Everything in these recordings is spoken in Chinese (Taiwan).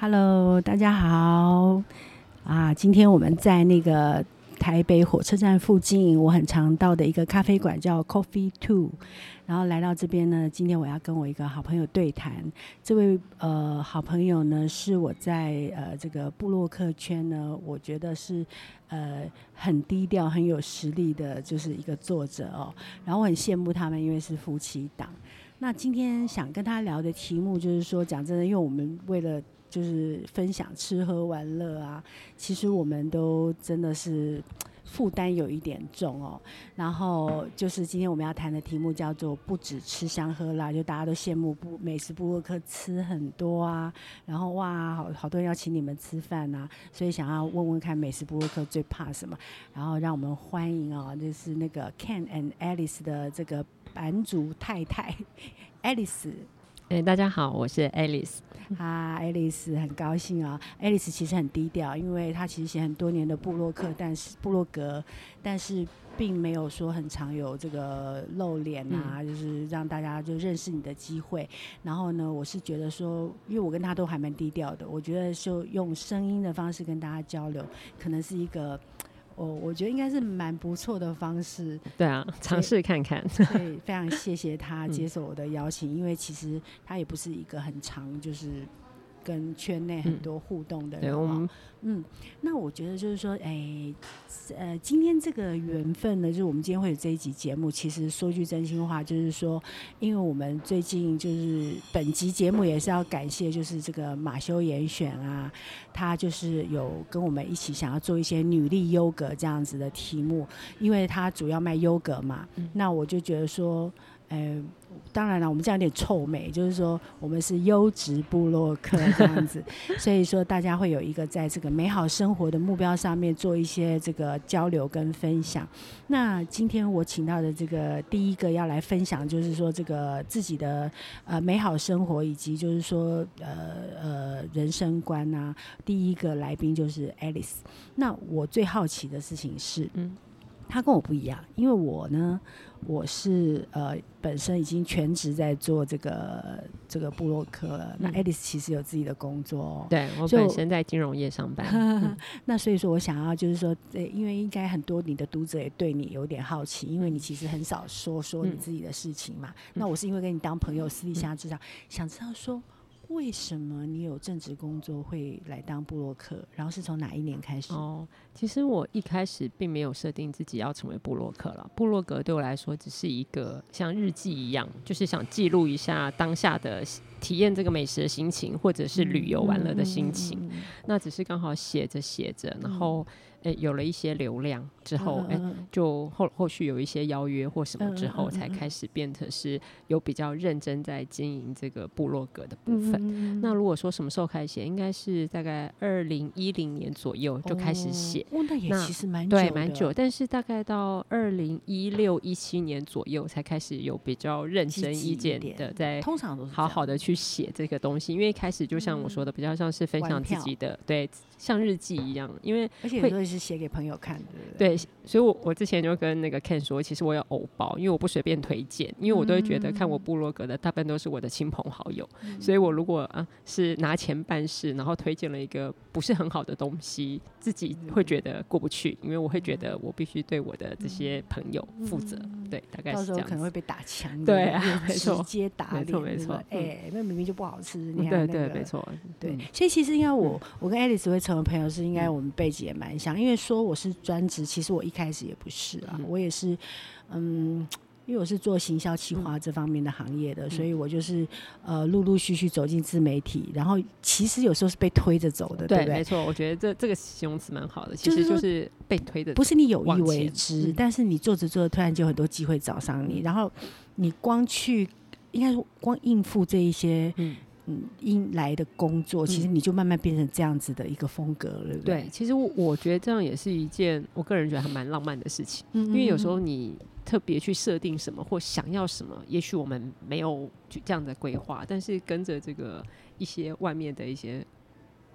Hello，大家好！啊，今天我們在那個台北火車站附近，我很常到的一個咖啡館叫 Coffee Two。然後來到這邊呢，今天我要跟我一個好朋友對談。這位呃好朋友呢，是我在呃這個部落客圈呢，我覺得是呃很低調、很有實力的，就是一個作者哦。然後我很羨慕他們，因為是夫妻檔。那今天想跟他聊的題目就是說，講真的，因為我們為了就是分享吃喝玩樂啊，其實我們都真的是負擔有一點重哦。然後就是今天我們要談的題目叫做“不只吃香喝辣”，就大家都羨慕不美食部落客吃很多啊。然後哇，好好多人要請你們吃飯吶、啊，所以想要問問看美食部落客最怕什麼？然後讓我們歡迎啊、哦，就是那個 Ken and Alice 的這個版主太太 Alice。哎、欸，大家好，我是 Alice。啊，Alice 很高興啊！Alice 其實很低調，因為她其實寫很多年的部落客，但是部落格，但是並沒有說很常有這個露臉啊，就是讓大家就認識你的機會。然後呢，我是覺得說，因為我跟她都還蠻低調的，我覺得就用聲音的方式跟大家交流，可能是一個。我、oh, 我覺得應該是蠻不錯的方式。對啊，嘗試看看。對，非常謝謝他接受我的邀請， 因為其實他也不是一個很長，就是。跟圈內很多互動的人、喔、嗯，嗯，嗯，那我覺得就是說，哎、欸，呃，今天這個緣分呢，就是我們今天會有這一集節目。其實說句真心話，就是說，因為我們最近就是本集節目也是要感謝，就是這個馬修嚴選啊，他就是有跟我們一起想要做一些女力優格這樣子的題目，因為他主要賣優格嘛、嗯，那我就覺得說。欸，當然了，我們這樣有點臭美，就是說我們是優質部落客，這樣子， 所以說大家會有一個在這個美好生活的目標上面做一些這個交流跟分享。那今天我請到的這個第一個要來分享，就是說這個自己的呃美好生活，以及就是說呃呃人生觀啊。第一個來賓就是 Alice。那我最好奇的事情是，嗯，她跟我不一樣，因為我呢。我是呃，本身已經全職在做這個這個部落客了。嗯、那愛麗絲其實有自己的工作，對我本身在金融業上班。所 那所以說，我想要就是說，欸，因為應該很多你的讀者也對你有點好奇，嗯，因為你其實很少說說你自己的事情嘛，嗯。那我是因為跟你當朋友，私底下知道，嗯，想知道說。為什麼你有正職工作會來當部落客，然後是從哪一年開始？哦，其實我一開始並沒有設定自己要成為部落客了。部落格對我來說只是一個像日記一樣，就是想記錄一下當下的體驗，這個美食的心情，或者是旅遊玩樂的心情。嗯嗯嗯嗯嗯、那只是剛好寫着寫着，然後誒、嗯欸，有了一些流量。之後，哎、欸，就後後續有一些邀約或什麼之後，才開始變成是有比較認真在經營這個部落格的部分、嗯。那如果說什麼時候開始寫，應該是大概二零一零年左右就開始寫、哦。那也其實蠻久，對，蠻久。但是大概到二零一六一七年左右，才開始有比較認真一點的，在通常都是好好的去寫這個東西。因為開始就像我說的，嗯、比較像是分享自己的，對，像日記一樣。因為會，而且很多是寫給朋友看的，對。所以，我我之前就跟那個 Ken 說，其實我有偶包，因為我不隨便推薦，因為我都會覺得，看我部落格的大部分都是我的親朋好友、嗯，所以我如果啊是拿錢辦事，然後推薦了一個不是很好的東西，自己會覺得過不去，因為我會覺得我必須對我的這些朋友負責、嗯，對，大概是這樣。到時候可能會被打槍，對啊，直接打臉沒錯沒錯，哎、欸，那明明就不好吃，嗯你那個、對對沒錯，對。所以其實應該我、嗯、我跟 Alice 會成為朋友，是應該我們背景也蠻像，因為說我是專職，其實。我一開始也不是啊，我也是，嗯，因為我是做行銷企劃這方面的行業的，嗯、所以我就是呃，陸陸續續走進自媒體，然後其實有時候是被推着走的對，對不對？沒錯，我覺得這這個形容詞蠻好的、就是，其實就是被推着走，不是你有意為之，但是你做着做着，突然就很多機會找上你，然後你光去，應該是光應付這一些。嗯因、嗯、來的工作，其實你就慢慢變成這樣子的一個風格了、嗯。對，其實我我覺得這樣也是一件，我個人覺得還蠻浪漫的事情。嗯，嗯，嗯，因為有時候你特別去設定什麼或想要什麼，也許我們沒有去這樣的規劃，但是跟着這個一些外面的一些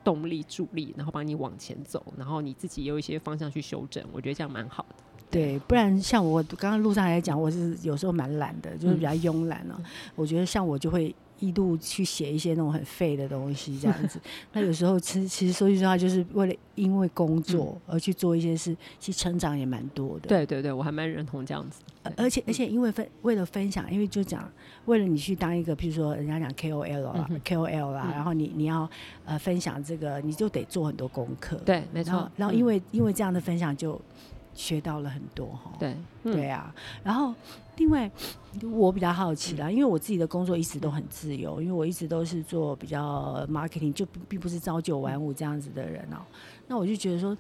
動力助力，然後幫你往前走，然後你自己有一些方向去修正，我覺得這樣蠻好的。對，嗯、不然像我剛剛路上來講，我是有時候蠻懶的，就是比較慵懶了、啊嗯。我覺得像我就會。一度去寫一些那種很廢的東西，這樣子。 那有時候，其實其實說句實話，就是為了因為工作而去做一些事，其實成長也蠻多的。對對對，我還蠻認同這樣子。而且、呃、而且，而且因為分，為了分享，因為就講為了你去當一個，譬如說人家講 KOL 啦，KOL 啦、嗯，然後你你要呃分享這個，你就得做很多功課。對，沒錯。然後因為、嗯、因為這樣的分享就。學到了很多哈，對、嗯、對啊，然後另外我比較好奇的，因為我自己的工作一直都很自由，因為我一直都是做比較 marketing，就並不是朝九晚五這樣子的人哦、喔。那我就覺得說，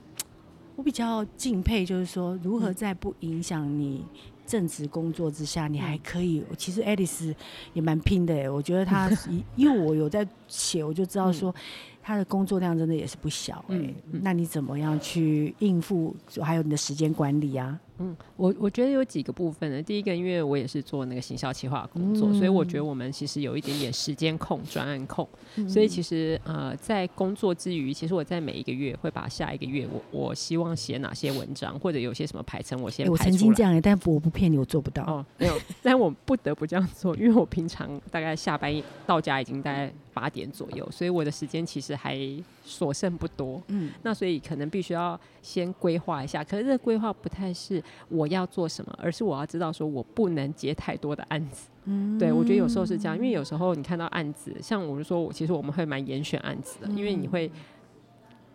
我比較敬佩，就是說如何在不影響你正職工作之下，你還可以。嗯、其實愛麗絲也蠻拼的哎、欸，我覺得她， 因為我有在寫，我就知道說。嗯他的工作量真的也是不小，欸嗯，嗯，那你怎麼樣去應付？還有你的時間管理啊？嗯，我我覺得有幾個部分呢，第一個，因為我也是做那個行銷企劃工作，嗯，所以我覺得我們其實有一點點時間控、專案控、嗯。所以其實呃，在工作之餘，其實我在每一個月會把下一個月我我希望寫哪些文章，或者有些什麼排程，我先排，欸、我曾經這樣，欸，但不我不騙你，我做不到哦。沒有， 但我不得不這樣做，因為我平常大概下班到家已經大概八點左右，所以我的時間其實還所剩不多。嗯，那所以可能必須要先規劃一下，可是這規劃不太是。我要做什麼？而是我要知道，說我不能接太多的案子。嗯。對，我覺得有時候是這樣，因為有時候你看到案子，像我們說我，其實我們會蠻嚴選案子的，因為你會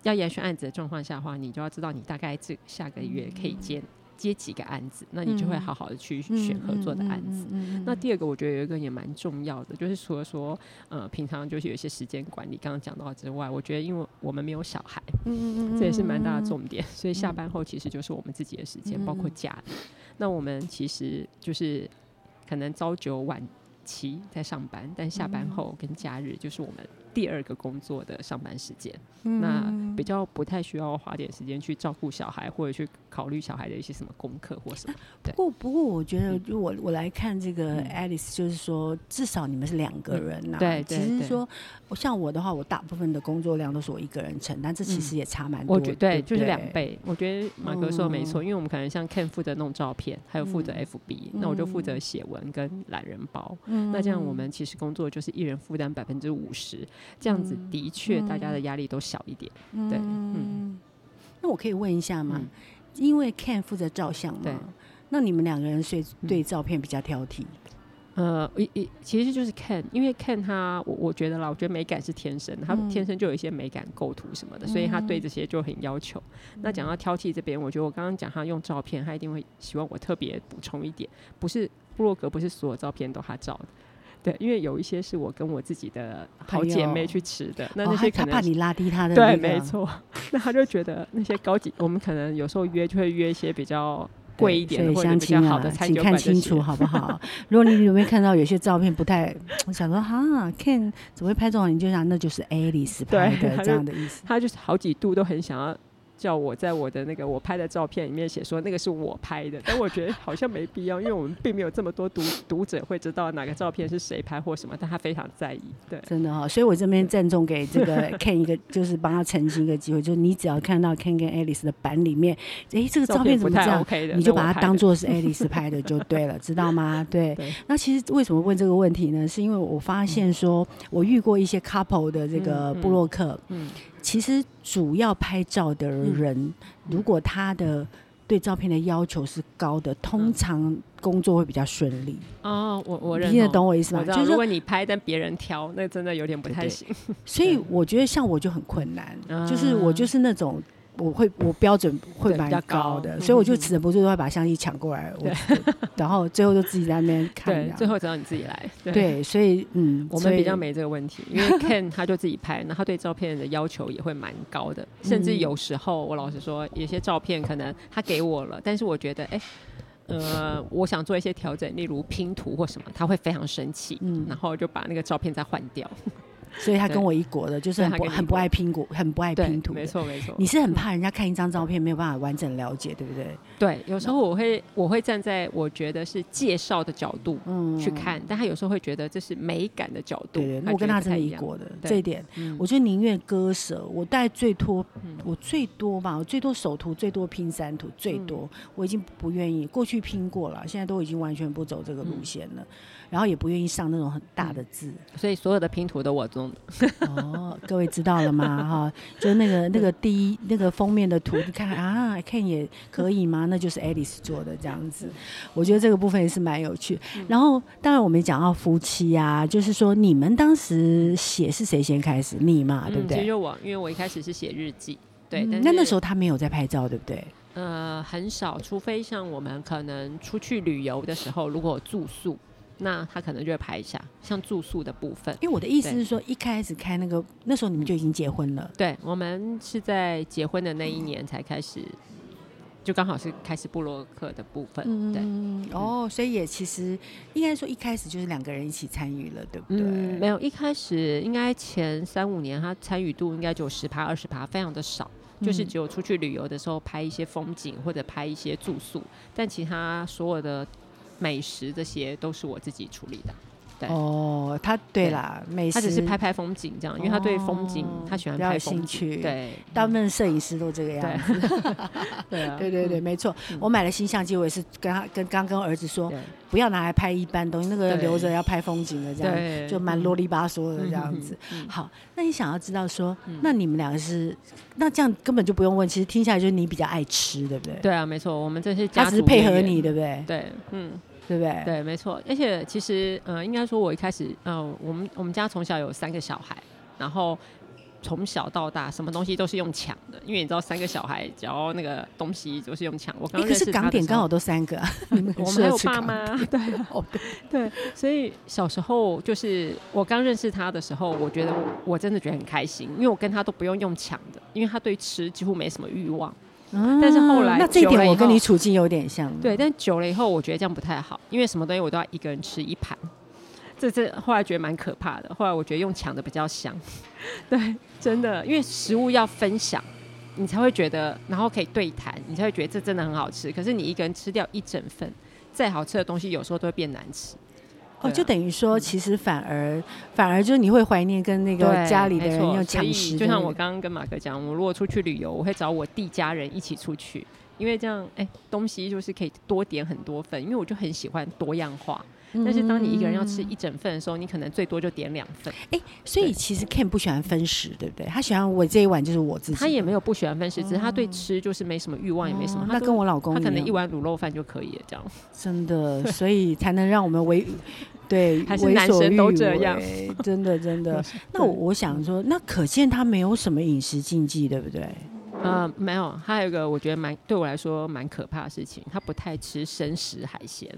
要嚴選案子的狀況下的話，你就要知道你大概這個下個月可以接。嗯接幾個案子，那你就會好好的去選合作的案子。嗯嗯嗯嗯嗯、那第二個，我覺得有一個也蠻重要的，就是除了說，呃，平常就是有些時間管理剛剛講到之外，我覺得因為我們沒有小孩，嗯嗯嗯、這也是蠻大的重點。所以下班後其實就是我們自己的時間、嗯，包括假、嗯、那我們其實就是可能朝九晚七在上班，但下班後跟假日就是我們。第二個工作的上班時間、嗯，那比較不太需要花點時間去照顧小孩或者去考慮小孩的一些什麼功課或什麼。啊、不過，不過我覺得我，我、嗯、我來看這個 Alice，就是說，嗯、至少你們是兩個人吶、啊。對、嗯、對其實說、嗯，像我的話，我大部分的工作量都是我一個人承擔，但這其實也差蠻多。我覺得就是兩倍。我覺得瑪格說的沒錯、嗯，因為我們可能像 Ken 負責弄照片，還有負責 FB，、嗯、那我就負責寫文跟懶人包。嗯。那這樣我們其實工作就是一人負擔百分之五十。這樣子的確，大家的壓力都小一點、嗯嗯，對。嗯，那我可以問一下嗎？嗯、因為 Ken 負責照相的。那你們兩個人誰對照片比較挑剔？嗯嗯、呃，一一其實就是 Ken，因為 Ken 他我我覺得啦，我覺得美感是天生，他天生就有一些美感、構圖什麼的、嗯，所以他對這些就很要求。嗯、那講到挑剔這邊，我覺得我剛剛講他用照片，他一定會希望我特別補充一點，不是部落格，不是所有照片都他照的。對，因為有一些是我跟我自己的好姐妹去吃的、哎，那那些可能、哦、他怕你拉低她的、那個、對，沒錯，那他就覺得那些高級， 我們可能有時候約就會約一些比較貴一點的，對相親啊、或者比較好的餐廳請看清楚好不好？ 如果你有沒有看到有些照片不太， 我想說哈 Ken 怎麼會拍這種？你就想那就是 Alice 拍的對，這樣的意思。他就是好幾度都很想要。叫我在我的那個我拍的照片裡面寫說那個是我拍的，但我覺得好像沒必要，因為我們並沒有這麼多讀 讀者會知道哪個照片是誰拍或什麼，但他非常在意，對，真的哈、哦，所以我這邊鄭重給這個 Ken 一個 就是幫他澄清一個機會，就是你只要看到 Ken 跟 Alice 的版裡面，哎、欸，這個照片怎麼這樣，照 OK，的你就把它當做是 Alice 拍的就對了， 知道嗎對？對。那其實為什麼問這個問題呢？是因為我發現說我遇過一些 couple 的這個部落客，嗯。嗯嗯其實主要拍照的人、嗯，如果他的對照片的要求是高的，通常工作會比較順利，嗯。哦，我我聽得懂我意思嗎？就是，如果你拍，但別人挑，那真的有點不太行對對對。所以我覺得像我就很困難，嗯，就是我就是那種。我會，我標準會蠻高的比較高，所以我就忍不住，的話，把相機搶過來。嗯嗯，我然後最後就自己在那邊看，對。最後只能你自己來。對，對，所以嗯，所以，我們比較沒這個問題，因為 Ken 他就自己拍，那 他對照片的要求也會蠻高的，甚至有時候我老實說，有些照片可能他給我了，但是我覺得哎，欸，呃，我想做一些調整，例如拼圖或什麼，他會非常生氣，嗯，然後就把那個照片再換掉。 所以他跟我一國的，就是很不很不愛拼圖，很不愛拼圖。拼圖沒錯沒錯。你是很怕人家看一張照片沒有辦法完整了解，對不對？對，有時候我會我會站在我覺得是介紹的角度，嗯，去看。但他有時候會覺得這是美感的角度。對對，對，我跟他是一國的，這一點，嗯、我就寧願割捨。我帶最多、嗯，我最多吧，我最多首圖，最多拼三圖，最多、嗯、我已經不願意。過去拼過了，現在都已經完全不走這個路線了。嗯嗯然後也不願意上那種很大的字，嗯、所以所有的拼圖都我做。 哦，各位知道了嗎？哈,就那個那個第一 那個封面的圖，你看啊，Ken 也可以嗎？ 那就是 Alice 做的這樣子。我覺得這個部分也是蠻有趣。嗯、然後當然我們講到夫妻啊，就是說你們當時寫是誰先開始你嘛，對不對？其、嗯、實我因為我一開始是寫日記，對，嗯、但那那時候他沒有在拍照，對不對？呃，很少，除非像我們可能出去旅遊的時候，如果住宿。那他可能就會拍一下，像住宿的部分。因、欸、為我的意思是說，一開始開那個那時候你們就已經結婚了。對，我們是在結婚的那一年才開始，嗯、就剛好是開始部落客的部分。嗯、對、嗯，哦，所以也其實應該說一開始就是兩個人一起參與了，對不對、嗯？沒有，一開始應該前三五年他參與度應該就有十趴二十趴，非常的少，就是只有出去旅遊的時候拍一些風景或者拍一些住宿，但其他所有的。美食這些都是我自己處理的。對哦，他對啦，對美食他只是拍拍風景這樣，因為他對風景、哦、他喜歡拍風景比較有興趣。對，大、嗯、部分攝影師都這個樣子。對 對、啊、對對、對、嗯、沒錯、嗯。我買了新相機，我也是跟他跟剛跟、跟兒子說，不要拿來拍一般東西，那個留着要拍風景的這樣，對就蠻囉里吧嗦的這樣子、嗯嗯嗯。好，那你想要知道說，嗯、那你們兩個是那這樣根本就不用問，其實聽下來就是你比較愛吃，對不對？對啊，沒錯。我們這些家他只是配合你，對不對？對，嗯。對不對？對，沒錯。而且其實，嗯、呃，應該說，我一開始，嗯、呃，我們我們家從小有三個小孩，然後從小到大，什麼東西都是用搶的，因為你知道，三個小孩只要那個東西都是用搶。我剛，剛認識他的時候，誒，可是港點剛好都三個， 我們還有爸媽，對、啊，對對。所以小時候就是我剛認識他的時候，我覺得我，我真的覺得很開心，因為我跟他都不用用搶的，因為他對吃幾乎沒什麼慾望。但是後來，那這點我跟你處境有點像。對，但久了以後，我覺得這樣不太好，因為什麼東西我都要一個人吃一盤，這是後來覺得蠻可怕的。後來我覺得用搶的比較香，對，真的，因為食物要分享，你才會覺得，然後可以對談，你才會覺得這真的很好吃。可是你一個人吃掉一整份，再好吃的東西，有時候都會變難吃。啊、哦，就等於說，其實反而、嗯、反而就是你會懷念跟那個家裡的人有種搶食。就像我剛剛跟瑪格講，我如果出去旅遊，我會找我弟家人一起出去，因為這樣哎，東西就是可以多點很多份，因為我就很喜歡多樣化。但是當你一個人要吃一整份的時候，你可能最多就點兩份。哎、欸，所以其實 Ken 不喜歡分食，對不對？他喜歡我這一碗就是我自己。他也沒有不喜歡分食，只是他對吃就是沒什麼慾望、嗯，也沒什麼。他就是、那跟我老公他可能一碗滷肉飯就可以了，這樣。真的，所以才能讓我們為、對、對、為所欲為，還是男生都這樣，真的真的。真的 那我想說，那可見他沒有什麼飲食禁忌，對不對？嗯，呃、沒有。還有一個我覺得蠻對我來說蠻可怕的事情，他不太吃生食海鮮。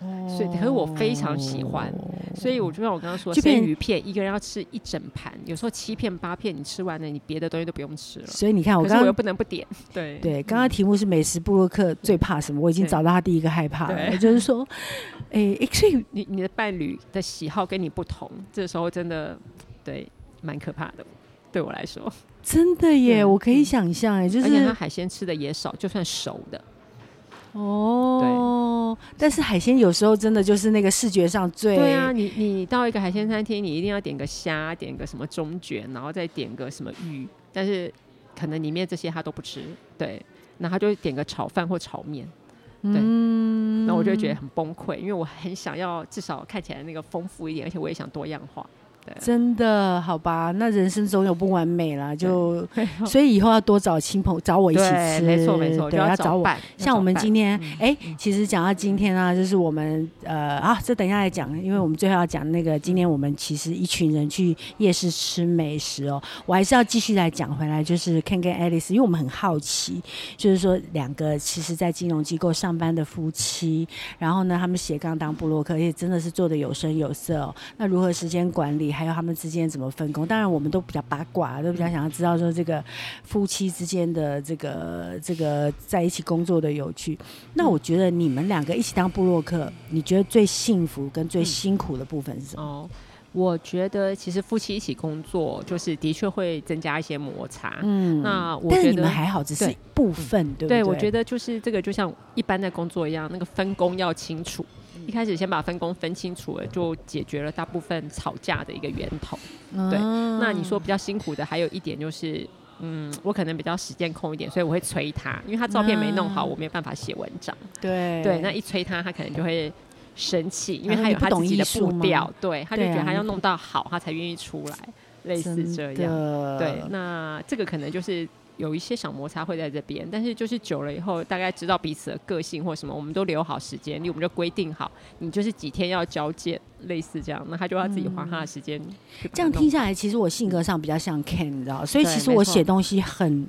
哦、所以，可是我非常喜歡，哦、所以我就像我剛剛說，生魚片一個人要吃一整盤，有時候七片八片，你吃完了，你別的東西都不用吃了。所以你看我剛剛，我剛剛又不能不點。對對，剛剛題目是美食部落客最怕什麼？我已經找到他第一個害怕了，對就是說，哎、欸，所以你你的伴侶的喜好，跟你不同，這時候真的對蠻可怕的，對我來說。真的耶，我可以想象哎，就是而且海鮮吃的也少，就算熟的。哦，對，但是海鮮有時候真的就是那個視覺上最對啊。你你到一個海鮮餐廳，你一定要點個蝦，點個什麼中卷，然後再點個什麼魚，但是可能裡面這些他都不吃，對，那他就點個炒飯或炒麵，對，那、嗯、我就覺得很崩潰，因為我很想要至少看起來那個豐富一點，而且我也想多樣化。真的，好吧，那人生總有不完美啦，就所以以後要多找親朋，找我一起吃，沒錯沒錯，要找，找我。像我們今天，哎、嗯欸嗯，其實講到今天啊，就是我們呃啊，這等一下來講，因為我們最後要講那個今天我們其實一群人去夜市吃美食哦，我還是要繼續來講回來，就是 Ken 跟 Alice，因為我們很好奇，就是說，兩個其實在金融機構上班的夫妻，然後呢，他們斜槓當部落客，也真的是做得有聲有色哦。那如何時間管理？還有他們之間怎麼分工？當然，我們都比較八卦，都比較想要知道說這個夫妻之間的這個這個在一起工作的有趣。那我覺得你們兩個一起當部落客，你覺得最幸福跟最辛苦的部分是什麼？嗯、哦，我覺得其實夫妻一起工作，就是的確會增加一些摩擦。嗯，那我覺得你們還好，只是一部分，嗯、對不對？對，我覺得就是這個，就像一般的工作一樣，那個分工要清楚。一開始先把分工分清楚了，就解決了大部分吵架的一個源頭。嗯、對，那你說比較辛苦的還有一點就是，嗯，我可能比較時間空一點，所以我會催他，因為他照片沒弄好，嗯、我沒有辦法寫文章。對，對，那一催他，他可能就會生氣，因為他有他自己的步調，對，他就覺得他要弄到好，他才願意出來，類似這樣。對，那這個可能就是。有一些小摩擦會在這邊，但是就是久了以後，大概知道彼此的個性或什麼，我們都留好時間，我們就規定好，你就是幾天要交接，類似這樣，那他就要自己花他的時間，嗯。這樣聽下來，其實我性格上比較像 Ken，你知道，所以其實我寫東西很。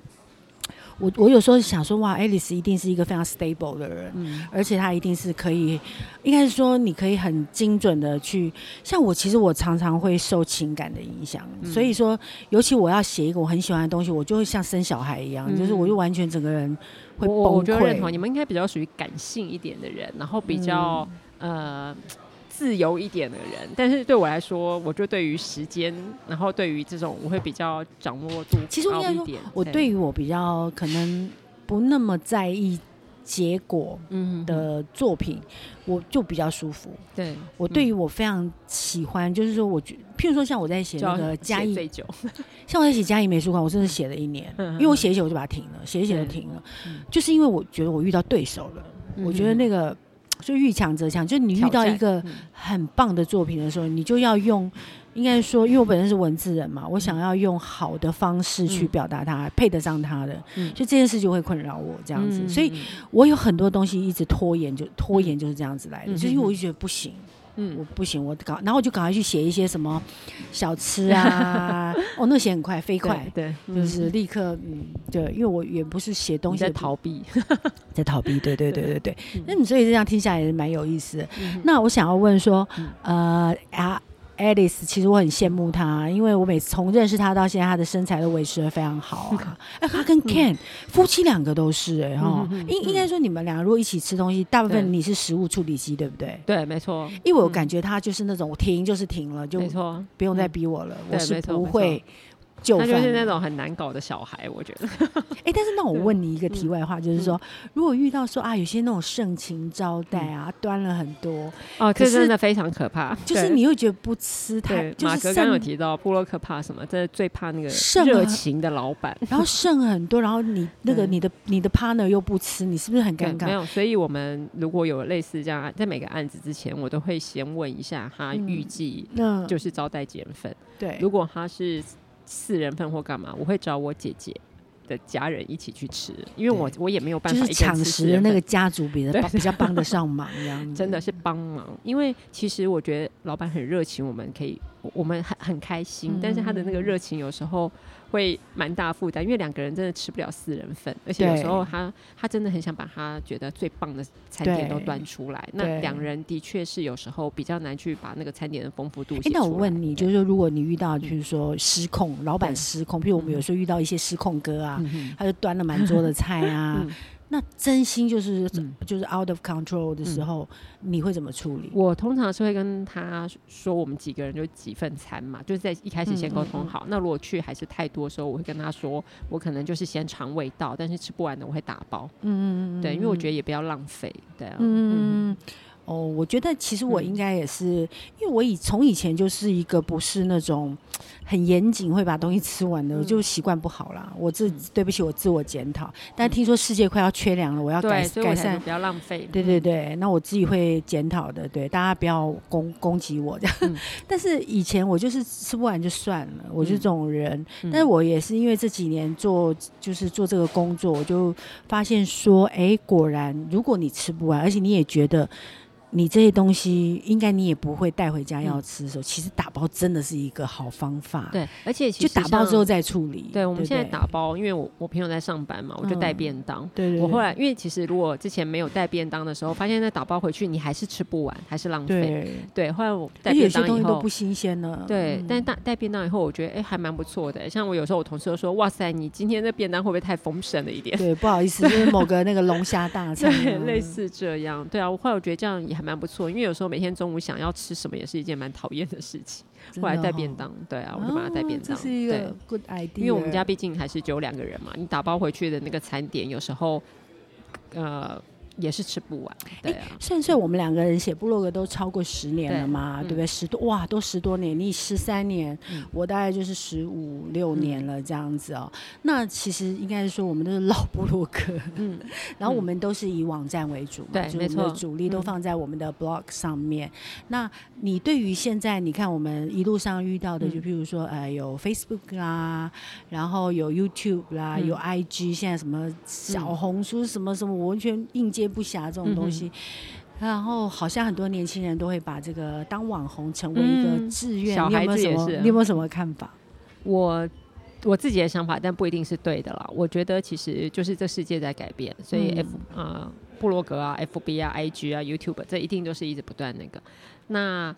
我我有時候想說，哇，Alice 一定是一個非常 stable 的人，嗯、而且她一定是可以，應該是說你可以很精準的去。像我，其實我常常會受情感的影響、嗯，所以說，尤其我要寫一個我很喜歡的東西，我就會像生小孩一樣，嗯、就是我就完全整個人會崩潰。我覺得你們應該比較屬於感性一點的人，然後比較、嗯、呃，自由一點的人，但是對我來說，我就對於時間，然後對於這種，我會比較掌握度，其實我應該說我對於我比較可能不那麼在意結果，嗯，的作品、嗯哼哼，我就比較舒服。對我對於我非常喜歡、嗯、就是說我覺，譬如說像我在寫那個嘉義， 像我在寫嘉義美術館，我真的寫了一年、嗯哼哼，因為我寫一寫我就把它停了，寫一寫就停了，就是因為我覺得我遇到對手了、嗯、我覺得那個。就遇強則強，就你遇到一個很棒的作品的時候，你就要用，嗯、應該說，因為我本身是文字人嘛，嗯、我想要用好的方式去表達它，嗯、配得上它的，嗯、就這件事就會困擾我這樣子，嗯、所以我有很多東西一直拖延就，就、嗯、拖延就是這樣子來的，嗯、就是因為我覺得不行。嗯嗯嗯，我不行，我搞，然後我就趕快去寫一些什麼小吃啊， 哦，那寫很快，飛快，對，對就是立刻，嗯，對，因為我也不是寫東西在逃避，在逃避， 對對對對對，那、嗯、你所以這樣聽下來也蠻有意思的、嗯。那我想要問說，嗯、呃，啊。Alice，其實我很羨慕她，因為我每次從認識她到現在，她的身材都維持得非常好、啊。哎、 欸，她跟 Ken、嗯、夫妻兩個都是哎、欸嗯、應應該說你們倆如果一起吃東西，大部分你是食物處理器對，對不對？對，沒錯。因為我感覺她就是那種、嗯、停就是停了，就沒錯，不用再逼我了，嗯、我是不會。那就，就是那種很難搞的小孩，我覺得。哎、欸，但是那我問你一個題外話，就是說、嗯，如果遇到說啊，有些那種盛情招待啊，嗯、端了很多哦、啊，可是真的非常可怕。就是你又覺得不吃太。瑪格剛剛有提到部落客怕什麼？這、就是、最怕那個熱情的老板，然後剩很多，然後你那個你的、嗯、你的 partner 又不吃，你是不是很尷尬？沒有，所以我們如果有類似這樣，在每個案子之前，我都會先問一下他預計，就是招待減粉。對、嗯，如果他是。四人份或幹嘛？我會找我姐姐的家人一起去吃，因為我我也沒有辦法搶、就是、食的那個家族比，別的比較幫得上忙這樣，真的是幫忙。因為其實我覺得老板很熱情，我們可以。我們很很開心，但是他的那個熱情有時候會蠻大負擔，因為兩個人真的吃不了四人份，而且有時候他他真的很想把他覺得最棒的餐點都端出來。那兩人的確是有時候比較難去把那個餐點的豐富度。那、欸、我問你，就是如果你遇到，就是說失控，老闆失控，比如我們有時候遇到一些失控哥啊、嗯，他就端了滿桌的菜啊。 嗯那真心就是、嗯、就是 out of control 的時候、嗯，你會怎麼處理？我通常是會跟他說，我們幾個人就幾份餐嘛，就是在一開始先溝通好。嗯嗯嗯。那如果去還是太多的時候，我會跟他說，我可能就是先嘗味道，但是吃不完的我會打包。嗯嗯嗯，對，因為我覺得也不要浪費。對啊，嗯，嗯，哦，我覺得其實我應該也是、嗯，因為我以從以前就是一個不是那種。很嚴謹，會把東西吃完的、嗯，我就習慣不好了。我自對不起，我自我檢討、嗯。但聽說世界快要缺糧了，我要改改善，不要浪費。對對對、嗯，那我自己會檢討的。對，大家不要攻攻擊我。這樣。 但是以前我就是吃不完就算了，我是這種人。嗯、但是我也是因為這幾年做就是做這個工作，我就發現說，哎、欸，果然如果你吃不完，而且你也覺得。你這些東西應該你也不會帶回家要吃的時候、嗯，其實打包真的是一個好方法。對，而且其實就打包之後再處理。對，對，對，對，我們現在打包，因為我我朋友在上班嘛，我就帶便當。嗯、對，對，對，我後來，因為其實如果之前沒有帶便當的時候，發現那打包回去你還是吃不完，還是浪費。對。後來我帶便當以後，有些東西都不新鮮了。對，嗯、但帶帶便當以後，我覺得哎、欸，還蠻不錯的、欸。像我有時候我同事都說：“哇塞，你今天的便當會不會太豐盛了一點？”對，不好意思，就 是某個那個龍蝦大餐、啊對，類似這樣。對啊，我後來我覺得這樣也。蠻不錯，因為有時候每天中午想要吃什麼也是一件蠻討厭的事情。哦、後來帶便當，對啊，我就把它帶便當、哦。這是一個 good idea，對，因為我們家畢竟還是只有兩個人嘛。你打包回去的那個餐點，有時候，呃。也是吃不完。哎、啊欸，甚至我們兩個人寫部落格都超過十年了嘛，對，對不對？嗯、十多哇，都十多年。你十三年，嗯、我大概就是十五六年了這樣子哦。嗯、那其實應該是說，我們都是老部落格。嗯，然後我們都是以網站為主嘛，嗯就是、我們的主力都放在我們的 blog 上面。嗯、沒錯、那你對於現在，你看我們一路上遇到的，就比如說、嗯、呃，有 Facebook 啦，然後有 YouTube 啦，嗯、有 IG，現在什麼小紅書什麼什麼，什麼，完全應接不暇這種東西，嗯，然後好像很多年輕人都會把這個當網紅，成為一個志願。嗯、小孩子有有也是。你有沒有什麼看法？我我自己的想法，但不一定是對的啦。我覺得其實就是這世界在改變，所以 F、嗯呃、啊，部落格啊，FB 啊，IG 啊，YouTube，這一定都是一直不斷那個。那。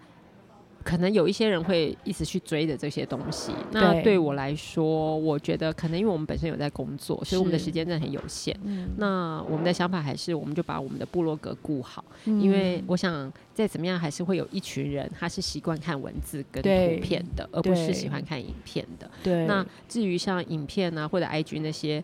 可能有一些人會一直去追的這些東西。那對我來說，我覺得可能因為我們本身有在工作，所以我們的時間真的很有限，嗯。那我們的想法還是，我們就把我們的部落格顧好，嗯，因為我想再怎麼樣還是會有一群人，他是習慣看文字跟圖片的，而不是喜歡看影片的。對，那至於像影片啊，或者 IG 那些，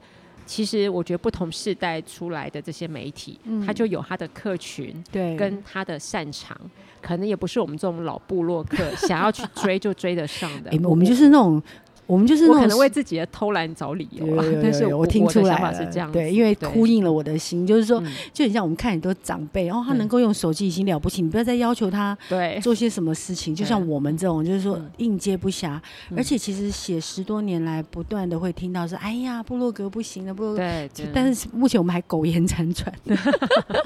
其實，我覺得不同世代出來的這些媒體，嗯、他就有他的客群，跟他的擅長，對、可能也不是我們這種老部落客想要去追就追得上的。 欸、我們就是那種。我們就是那種我可能為自己的偷懶找理由啦，對對對對，但是我，我聽出來是這樣，對，因為呼應了我的心，就是說、嗯，就很像我們看很多長輩，哦，他能夠用手機已經了不起、嗯哦了不起嗯，你不要再要求他做些什麼事情，就像我們這種，就是說應接不暇。嗯、而且其實寫十多年來，不斷的會聽到說，嗯、哎呀，部落格不行了，部落格，對，但是目前我們還苟延殘喘，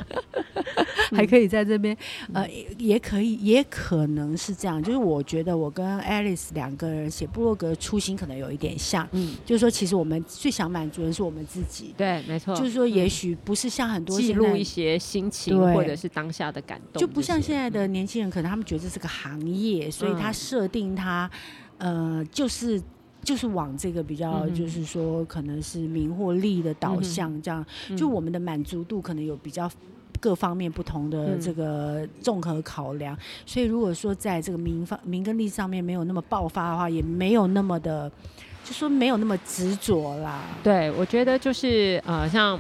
還可以在這邊、嗯嗯，呃，也可以，也可能是這樣，就是我覺得我跟 Alice 兩個人寫部落格初心。可能有一點像，嗯、就是說，其實我們最想滿足的是我們自己。對，沒錯。就是說，也許不是像很多記錄、嗯、一些心情，或者是當下的感動，就不像現在的年輕人，可能他們覺得這是個行業，嗯、所以他設定他，呃，就是就是往這個比較，就是說，可能是名或利的導向，這樣、嗯，就我們的滿足度可能有比較。各方面不同的這個綜合考量、嗯，所以如果說在這個名方名跟利上面沒有那麼爆發的話，也沒有那麼的，就說沒有那麼執着啦。對，我覺得就是呃，像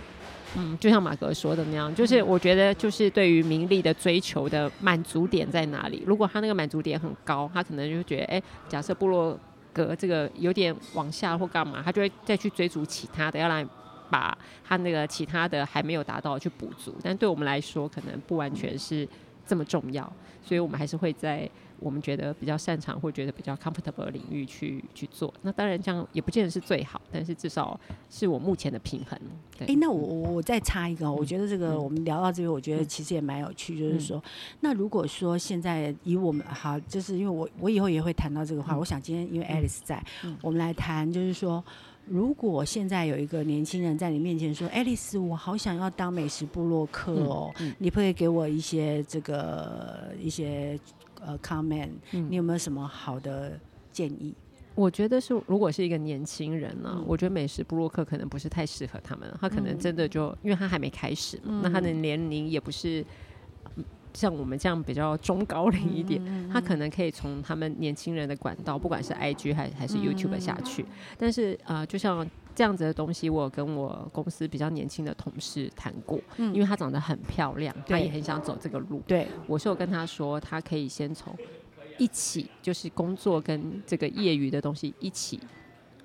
嗯，就像瑪格說的那樣，就是我覺得就是對於名利的追求的滿足點在哪裡？如果他那個滿足點很高，他可能就覺得，哎、欸，假設部落格這個有點往下或幹嘛，他就會再去追逐其他的，要來。把他那個其他的還沒有達到去補足，但對我們來說可能不完全是這麼重要，所以我們還是會，在我們覺得比較擅長或覺得比較 comfortable 的領域去去做。那當然這樣也不見得是最好，但是至少是我目前的平衡。哎、欸，那我我再插一個，我覺得這個我們聊到這邊，我覺得其實也蠻有趣、嗯，就是說，那如果說現在以我們好，就是因為我我以後也會談到這個話、嗯，我想今天因為 Alice 在，嗯、我們來談就是說。如果現在有一個年輕人在你面前說：“愛麗絲，我好想要當美食部落客哦、嗯嗯，你可以給我一些這個一些呃、uh, comment，、嗯、你有沒有什麼好的建議？”我覺得是，如果是一個年輕人呢、啊嗯，我覺得美食部落客可能不是太適合他們，他可能真的就、嗯、因為他還沒開始嘛、嗯，那他的年齡也不是。像我們這樣比較中高齡一點，他可能可以從他們年輕人的管道，不管是 IG 還還是 YouTube 下去，嗯。但是，呃，就像這樣子的東西，我跟我公司比較年輕的同事談過，嗯，因為他長得很漂亮，他也很想走這個路。對，我是有跟他說，他可以先從一起，就是工作跟這個業餘的東西一起。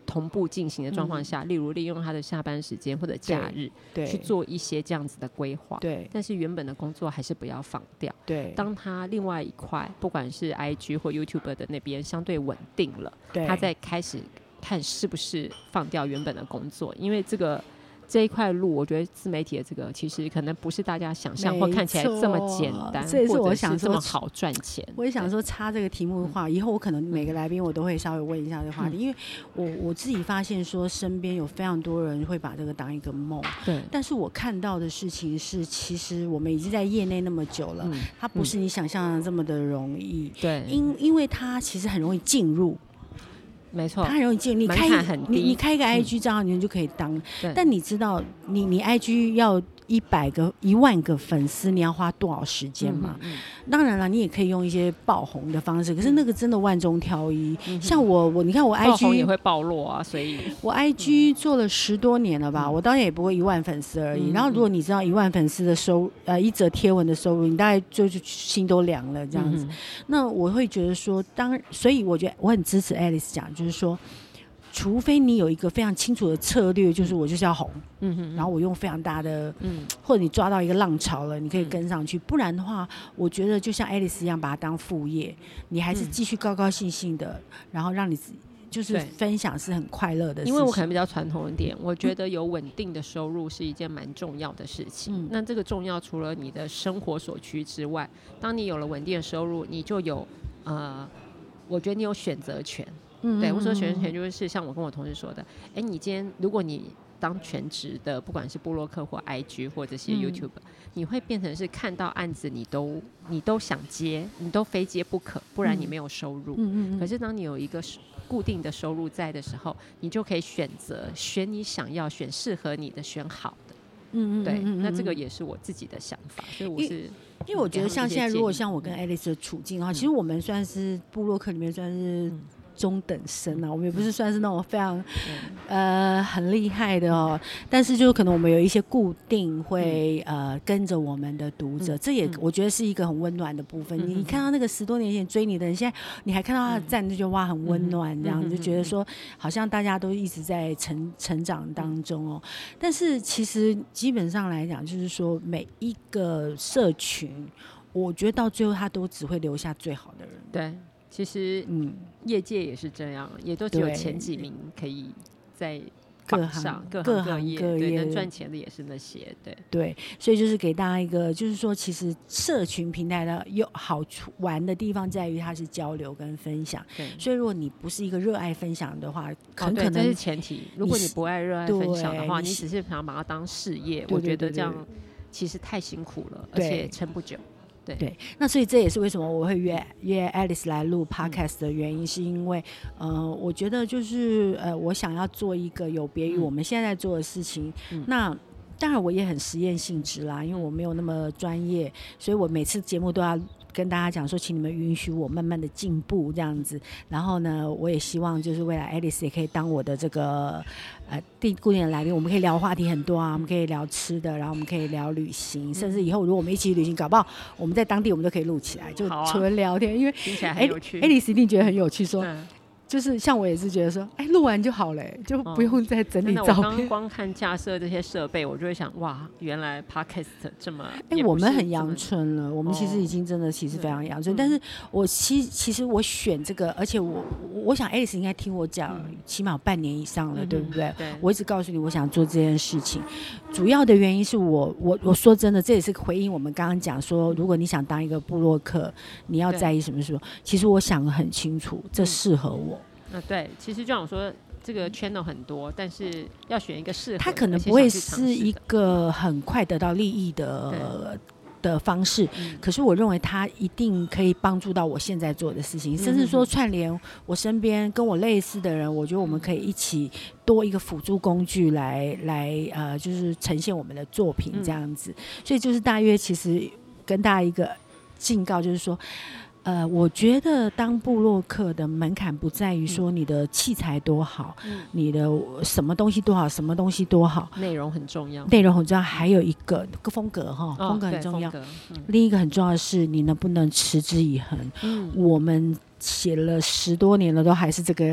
同步進行的狀況下，例如利用他的下班時間或者假日，對，去做一些這樣子的規劃，對，但是原本的工作還是不要放掉，對，當他另外一塊，不管是 IG 或 YouTuber 的那邊相對穩定了，對，他再開始看是不是放掉原本的工作，因為這個。這一塊路，我覺得自媒體的這個，其實可能不是大家想象或看起來這麼簡單，或者是這麼好賺錢我。我也想說，插這個題目的話、嗯，以後我可能每個來賓我都會稍微問一下這個話題、嗯，因為我我自己發現說，身邊有非常多人會把這個當一個夢。對，但是我看到的事情是，其實我們已經在業內那麼久了、嗯，它不是你想象的這麼的容易。嗯、對，因因為它其實很容易進入。沒錯，他很容易進。你開一，你你開一個 IG 賬號，你就可以當、嗯。但你知道，你你 IG 要。一百個一萬個粉絲，你要花多少時間嘛嗯嗯。當然了，你也可以用一些爆紅的方式，可是那個真的萬中挑一。嗯嗯，像我，我你看我 IG 爆紅也會暴露啊，所以我 IG 做了十多年了吧，嗯、我當然也不會一萬粉絲而已嗯嗯。然後如果你知道一萬粉絲的收入呃一則貼文的收入，你大概就是心都涼了這樣子嗯嗯。那我會覺得說，當所以我覺得我很支持 Alice 講，就是說。除非你有一個非常清楚的策略，就是我就是要紅，嗯哼，然後我用非常大的，嗯，或者你抓到一個浪潮了，你可以跟上去。嗯、不然的話，我覺得就像愛麗絲一樣，把它當副業，你還是繼續高高興興的、嗯，然後讓你自己就是分享是很快樂的事。因為我可能比較傳統一點，我覺得有穩定的收入是一件蠻重要的事情。嗯、那這個重要，除了你的生活所需之外，當你有了穩定的收入，你就有呃，我覺得你有選擇權。對，我說選擇就是像我跟我同事說的，哎，你今天如果你當全職的，不管是部落客或 IG 或者這些 YouTube，、嗯、你會變成是看到案子你都你都想接，你都非接不可，不然你沒有收入、嗯嗯嗯。可是當你有一個固定的收入在的時候，你就可以選擇選你想要、選適合你的、選好的。嗯，嗯對，那這個也是我自己的想法，所以我是因為，因為我覺得像現在，如果像我跟 Alice 的處境的話、嗯，其實我們算是部落客裡面算是。嗯中等生啊，我們也不是算是那種非常，嗯、呃很厲害的哦、喔，但是就可能我們有一些固定會，嗯、呃跟着我們的讀者，嗯，這也我覺得是一個很溫暖的部分。嗯、你看到那個十多年前追你的人，嗯、現在你還看到他的讚，那，就哇，很溫暖，這樣，嗯嗯嗯嗯嗯，就覺得說好像大家都一直在成成長當中哦、喔。但是其實基本上來講，就是說每一個社群，我覺得到最後他都只會留下最好的人。對。其實，嗯，業界也是這樣，嗯、也都只有前幾名可以在榜上各行、各行各業對，各行各業對，能賺錢的也是那些，對對，所以就是給大家一個，就是說，其實社群平台的有好處，玩的地方在於它是交流跟分享。對，所以如果你不是一個熱愛分享的話，很可能、啊、這是前提。如果你不愛熱愛分享的話，你，是你，是你只是想把它當事業對對對對對，我覺得這樣其實太辛苦了，而且撐不久。對，那所以這也是為什麼我會約約 Alice 來錄 Podcast 的原因，嗯，是因為，呃，我覺得就是呃，我想要做一個有別於我們現在做的事情。嗯，那當然我也很實驗性質啦，因為我沒有那麼專業，所以我每次節目都要。跟大家講說，請你們允許我慢慢的進步這樣子。然後呢，我也希望就是未來 Alice 也可以當我的這個呃第固定的來賓，我們可以聊話題很多啊，我們可以聊吃的，然後我們可以聊旅行，嗯、甚至以後如果我們一起旅行，搞不好我們在當地我們都可以錄起來，就純聊天，啊、因為 Alice, Alice 一定覺得很有趣說。嗯。就是像我也是覺得說，哎、欸，錄完就好了、欸，就不用再整理照片。嗯、剛剛光看架設這些設備，我就會想，哇，原來 Podcast 這麼，這麼……哎、欸，我們很陽春了，我們其實已經真的其實非常陽春哦。但是，我其實其實我選這個，而且我我，我想 Alice 應該聽我講、嗯，起碼半年以上了，嗯、對不對，對？我一直告訴你，我想做這件事情，主要的原因是我我我說真的，這也是回應我們剛剛講說，如果你想當一個部落客，你要在意什麼時候？其實我想得很清楚，這適合我。那對，其實就像我說，這個 channel 很多，但是要選一個適合。他可能不會是一個很快得到利益的、嗯、的方式，可是我認為他一定可以幫助到我現在做的事情，甚至說串聯我身邊跟我類似的人，我覺得我們可以一起多一個輔助工具來來呃，就是呈現我們的作品這樣子。所以就是大約其實跟大家一個警告，就是說。呃，我覺得當部落客的門檻不在於說你的器材多好，嗯，你的什麼東西多好，什麼東西多好，內容很重要，內容很重要。嗯、還有一個，個風格哈、哦，風格很重要，嗯。另一個很重要的是，你能不能持之以恆？嗯、我們。寫了十多年了，都還是這個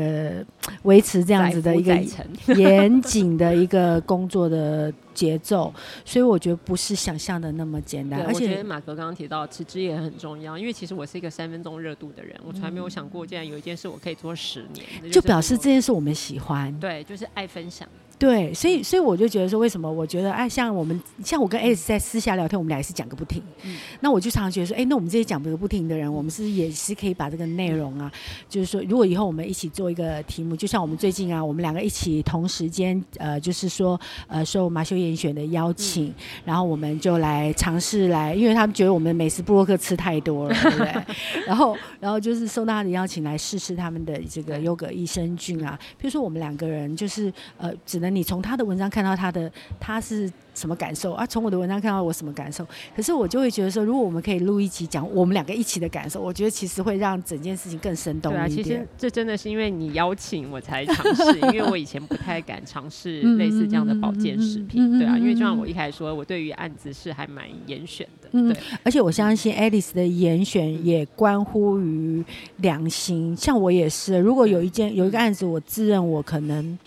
維持這樣子的一個嚴謹的一個工作的節奏，所以我覺得不是想象的那麼簡單。而且瑪格剛剛提到持之也很重要，因為其實我是一個三分鐘熱度的人，我從來沒有想過，竟然有一件事我可以做十年，就表示這件事我們喜歡，對，就是愛分享。對，所以所以我就覺得說，為什麼我覺得哎、啊，像我們像我跟 S 在私下聊天，我們倆也是講個不停。嗯、那我就常常覺得說，哎、欸，那我們這些講個不停的人，我們是不是也是可以把這個內容啊，就是說，如果以後我們一起做一個題目，就像我們最近啊，我們兩個一起同時間，呃，就是說，呃，受馬修嚴選的邀請，嗯、然後我們就來嘗試來，因為他們覺得我們美食部落客吃太多了，對不對？ 然後然後就是收到他的邀請來試試他們的這個優格益生菌啊，比如說我們兩個人就是呃，只能。你從他的文章看到他的他是什麼感受，啊？從我的文章看到我什麼感受。可是我就會覺得說，如果我們可以錄一集講我們兩個一起的感受，我覺得其實會讓整件事情更生動一點對、啊、其實這真的是因為你邀請我才嘗試， 因為我以前不太敢嘗試類似這樣的保健食品， 對啊。因為就像我一開始說，我對於案子是還蠻嚴選的，對、嗯。而且我相信 Alice 的嚴選也關乎於良心。像我也是，如果有一件有一個案子，我自認我可能。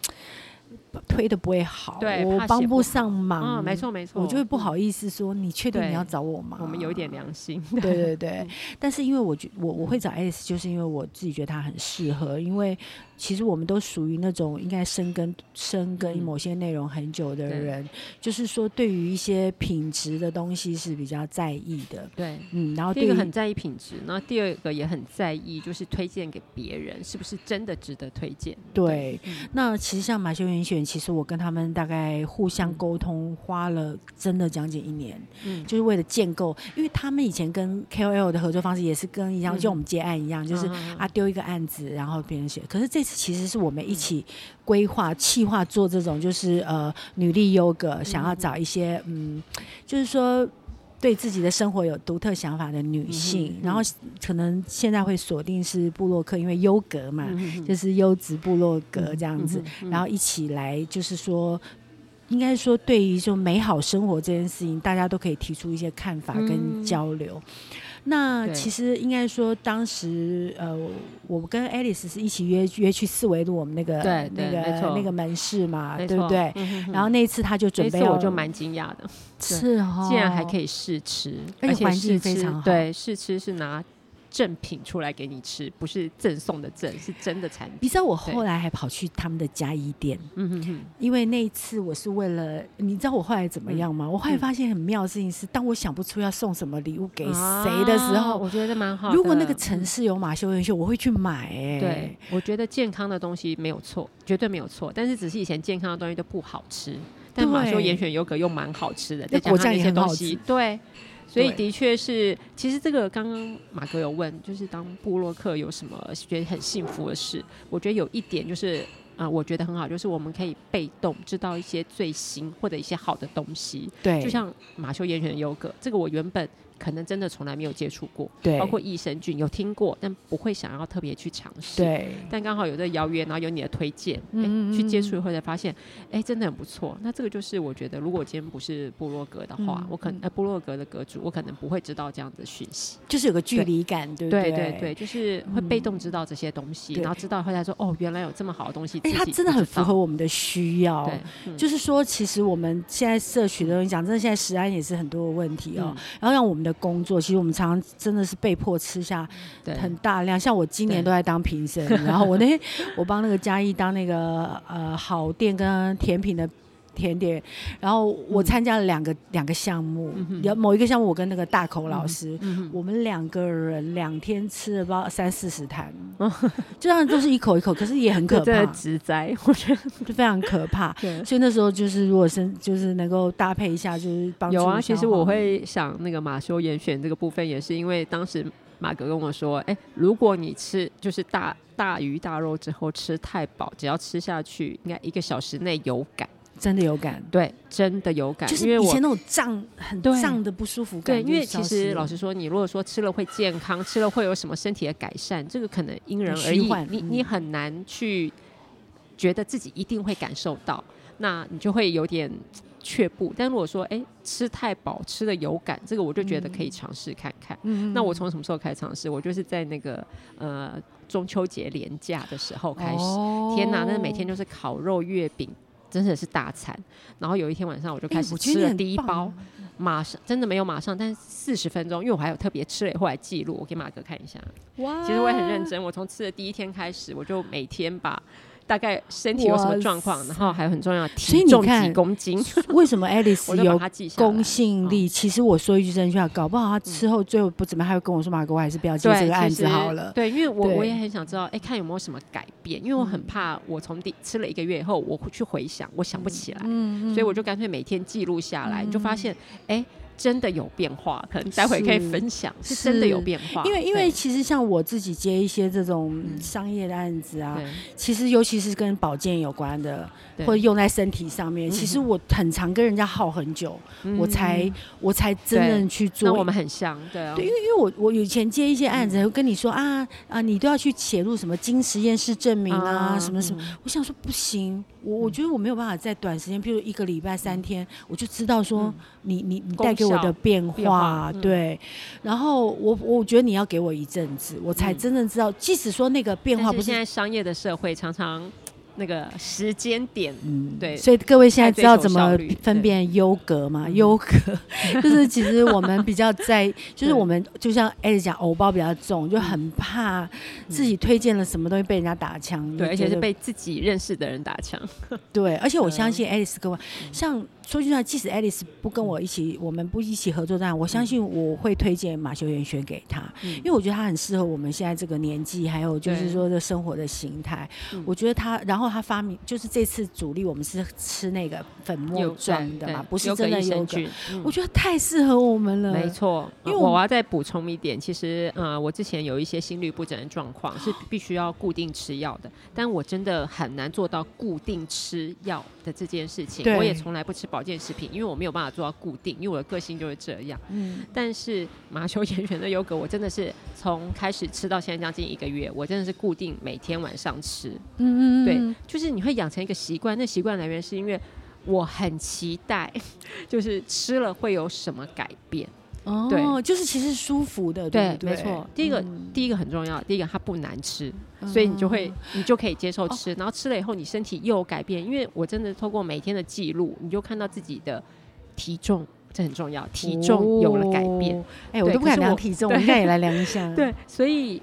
推的不會好，對，好我幫不上忙。嗯、哦，沒錯沒錯，我就會不好意思說，嗯、你確定你要找我嗎？我們有點良心。對對對，嗯、但是因為我覺我我會找 Alice，就是因為我自己覺得他很適合。因為其實我們都屬於那種應該深耕深耕某些內容很久的人，嗯、就是說對於一些品質的東西是比較在意的。對，嗯，然後第一個很在意品質，那第二個也很在意，就是推薦給別人是不是真的值得推薦？對，那其實像馬修嚴選。其實我跟他們大概互相溝通，嗯、花了真的將近一年，嗯，就是為了建構，因為他們以前跟 KOL 的合作方式也是跟一樣，像、嗯、我們接案一樣，就是啊丟一個案子、嗯，然後別人寫。可是這次其實是我們一起規劃、企、嗯、劃做這種，就是呃，女力優格、嗯、想要找一些嗯，就是說。對自己的生活有獨特想法的女性，嗯嗯，然後可能現在會鎖定是部落客，因為優格嘛，嗯、就是優質部落格這樣子，嗯哼嗯哼嗯，然後一起來就是說，應該說對於就美好生活這件事情，大家都可以提出一些看法跟交流。嗯那其實應該說，當時呃，我跟 Alice 是一起約約去四維路我們那個對，呃、那個那個門市嘛，對不對，嗯哼哼？然後那一次他就準備，這次我就蠻驚訝的，是哦，竟然還可以試吃，而且環境非常好，對，試吃是拿，贈品出來給你吃，不是贈送的“贈”，是真的產品。你知道我後來還跑去他們的嘉義店，嗯哼，因為那一次我是為了，你知道我後來怎麼樣嗎？嗯？我後來發現很妙的事情是，當我想不出要送什麼禮物給誰的時候，啊、我覺得蠻好。如果那個城市有馬修嚴選，我會去買、欸。哎，對，我覺得健康的東西沒有錯，絕對沒有錯。但是只是以前健康的東西都不好吃，但馬修嚴選優格又蠻好吃的，果醬也很好吃，對。所以的確是，其實這個剛剛瑪格有問，就是當部落客有什麼覺得很幸福的事，我覺得有一點就是，啊、呃，我覺得很好，就是我們可以被動知道一些最新或者一些好的東西，對，就像馬修嚴選的優格，這個我原本。可能真的從來沒有接觸過，對，包括益生菌有聽過，但不會想要特別去嘗試。對，但剛好有這個邀約，然後有你的推薦嗯嗯、欸，去接觸以後才發現，哎、欸，真的很不錯。那這個就是我覺得，如果今天不是部落格的話，嗯、我可能部落、呃、格的閣主，我可能不會知道這樣子訊息，就是有個距離感，對對對，對對對，就是會被動知道這些東西，嗯、然後知道後來說，哦，原來有這麼好的東西，哎、欸、它真的很符合我們的需要。對，嗯、就是說，其實我們現在攝取的東西，講真的，現在食安也是很多的問題哦、嗯，然後讓我們的。工作其實我們常常真的是被迫吃下。對，很大量，像我今年都在當評審，然後我那天 我幫那個嘉義當那個呃好店跟甜品的。甜點，然後我參加了兩個、嗯、兩個項目，有某一個項目我跟那個大口老師，嗯、我們兩個人兩天吃了不知道三四十攤，當、嗯、然都是一口一口， 可是也很可怕。在直災，我覺得就非常可怕，對。所以那時候就是，如果是就是能夠搭配一下，就是幫助有啊。其實我會想那個馬修嚴選這個部分，也是因為當時瑪格跟我說，哎、欸，如果你吃就是大大魚大肉之後吃太飽，只要吃下去，應該一個小時內有感。真的有感，對，真的有感，就是以前那種脹很脹的不舒服感。對，因為其實老實說，你如果說吃了會健康，吃了會有什麼身體的改善，這個可能因人而異、嗯。你你很難去覺得自己一定會感受到，那你就會有點卻步。但如果說哎、欸、吃太飽吃的有感，這個我就覺得可以嘗試看看。嗯、那我從什麼時候開始嘗試？我就是在那個呃中秋節連假的時候開始。哦、天吶，那每天就是烤肉月餅。真的是大餐，然後有一天晚上我就開始吃了。第一包，啊、馬上真的沒有馬上，但是四十分鐘，因為我還有特別吃了後來記錄，我給馬哥看一下。哇，其實我也很認真，我從吃的第一天開始，我就每天把。大概身體有什麼狀況，然後還有很重要的體重幾公斤？呵呵為什麼 i 麗絲有公信力， 記公信力，啊？其實我說一句真話，啊，搞不好他之後最後不怎麼，嗯，還會跟我說嘛，哥，我還是不要接受這個案子好了。對，對因為我我也很想知道，哎，欸，看有沒有什麼改變？因為我很怕我從底，我從第吃了一個月以後，我會去回想，我想不起來，嗯，所以我就乾脆每天記錄下來，嗯，就發現，哎，欸。真的有變化，可能待會可以分享，是，是真的有變化。因為因為其實像我自己接一些這種商業的案子啊，嗯，其實尤其是跟保健有關的。或者用在身體上面，其實我很常跟人家耗很久，嗯、我才我才真正去做。那我們很像，對啊、哦。因為因為我我以前接一些案子，嗯、跟你說啊啊，你都要去寫入什麼經實驗室證明啊,啊，什麼什麼、嗯。我想說不行，我我覺得我沒有辦法在短時間，譬、嗯、如一個禮拜三天，我就知道說、嗯、你你你帶給我的變化，對,變化嗯、對。然後我我覺得你要給我一陣子，我才真正知道、嗯，即使說那個變化不是,是現在商業的社會常常。那個時間點，嗯，對，所以各位現在知道怎麼分辨優格嗎？優格 就是其實我們比較在， 就是我們就像 Alice 講， 偶包比較重，就很怕自己推薦了什麼東西被人家打槍，對，而且是被自己認識的人打槍， 對，而且我相信 Alice 各位像。嗯說句實話，即使 Alice 不跟我一起、嗯，我們不一起合作，這樣我相信我會推薦馬修嚴選給他、嗯，因為我覺得他很適合我們現在這個年紀，還有就是說的生活的形態。我覺得他，然後他發明就是這次主力，我們是吃那個粉末狀的嘛，不是真的益生菌、嗯，我覺得他太適合我們了。沒錯，因為我,我要再補充一點，其實呃，我之前有一些心律不整的狀況，是必須要固定吃藥的，但我真的很難做到固定吃藥的這件事情，我也從來不吃保。保健食品，因為我沒有辦法做到固定，因為我的個性就是這樣。嗯，但是馬修嚴選的優格，我真的是從開始吃到現在將近一個月，我真的是固定每天晚上吃。嗯，對，就是你會養成一個習慣，那習慣來源是因為我很期待，就是吃了會有什麼改變。哦，就是其實舒服的，對，對，對，沒錯。第一個、嗯，第一個很重要，第一個它不難吃，所以你就會，你就可以接受吃。嗯、然後吃了以後，你身體又有改變、哦，因為我真的透過每天的記錄，你就看到自己的體重，哦、這很重要，體重有了改變。哎、哦欸，我都不敢量體重，我們現在也來量一下。對，所以，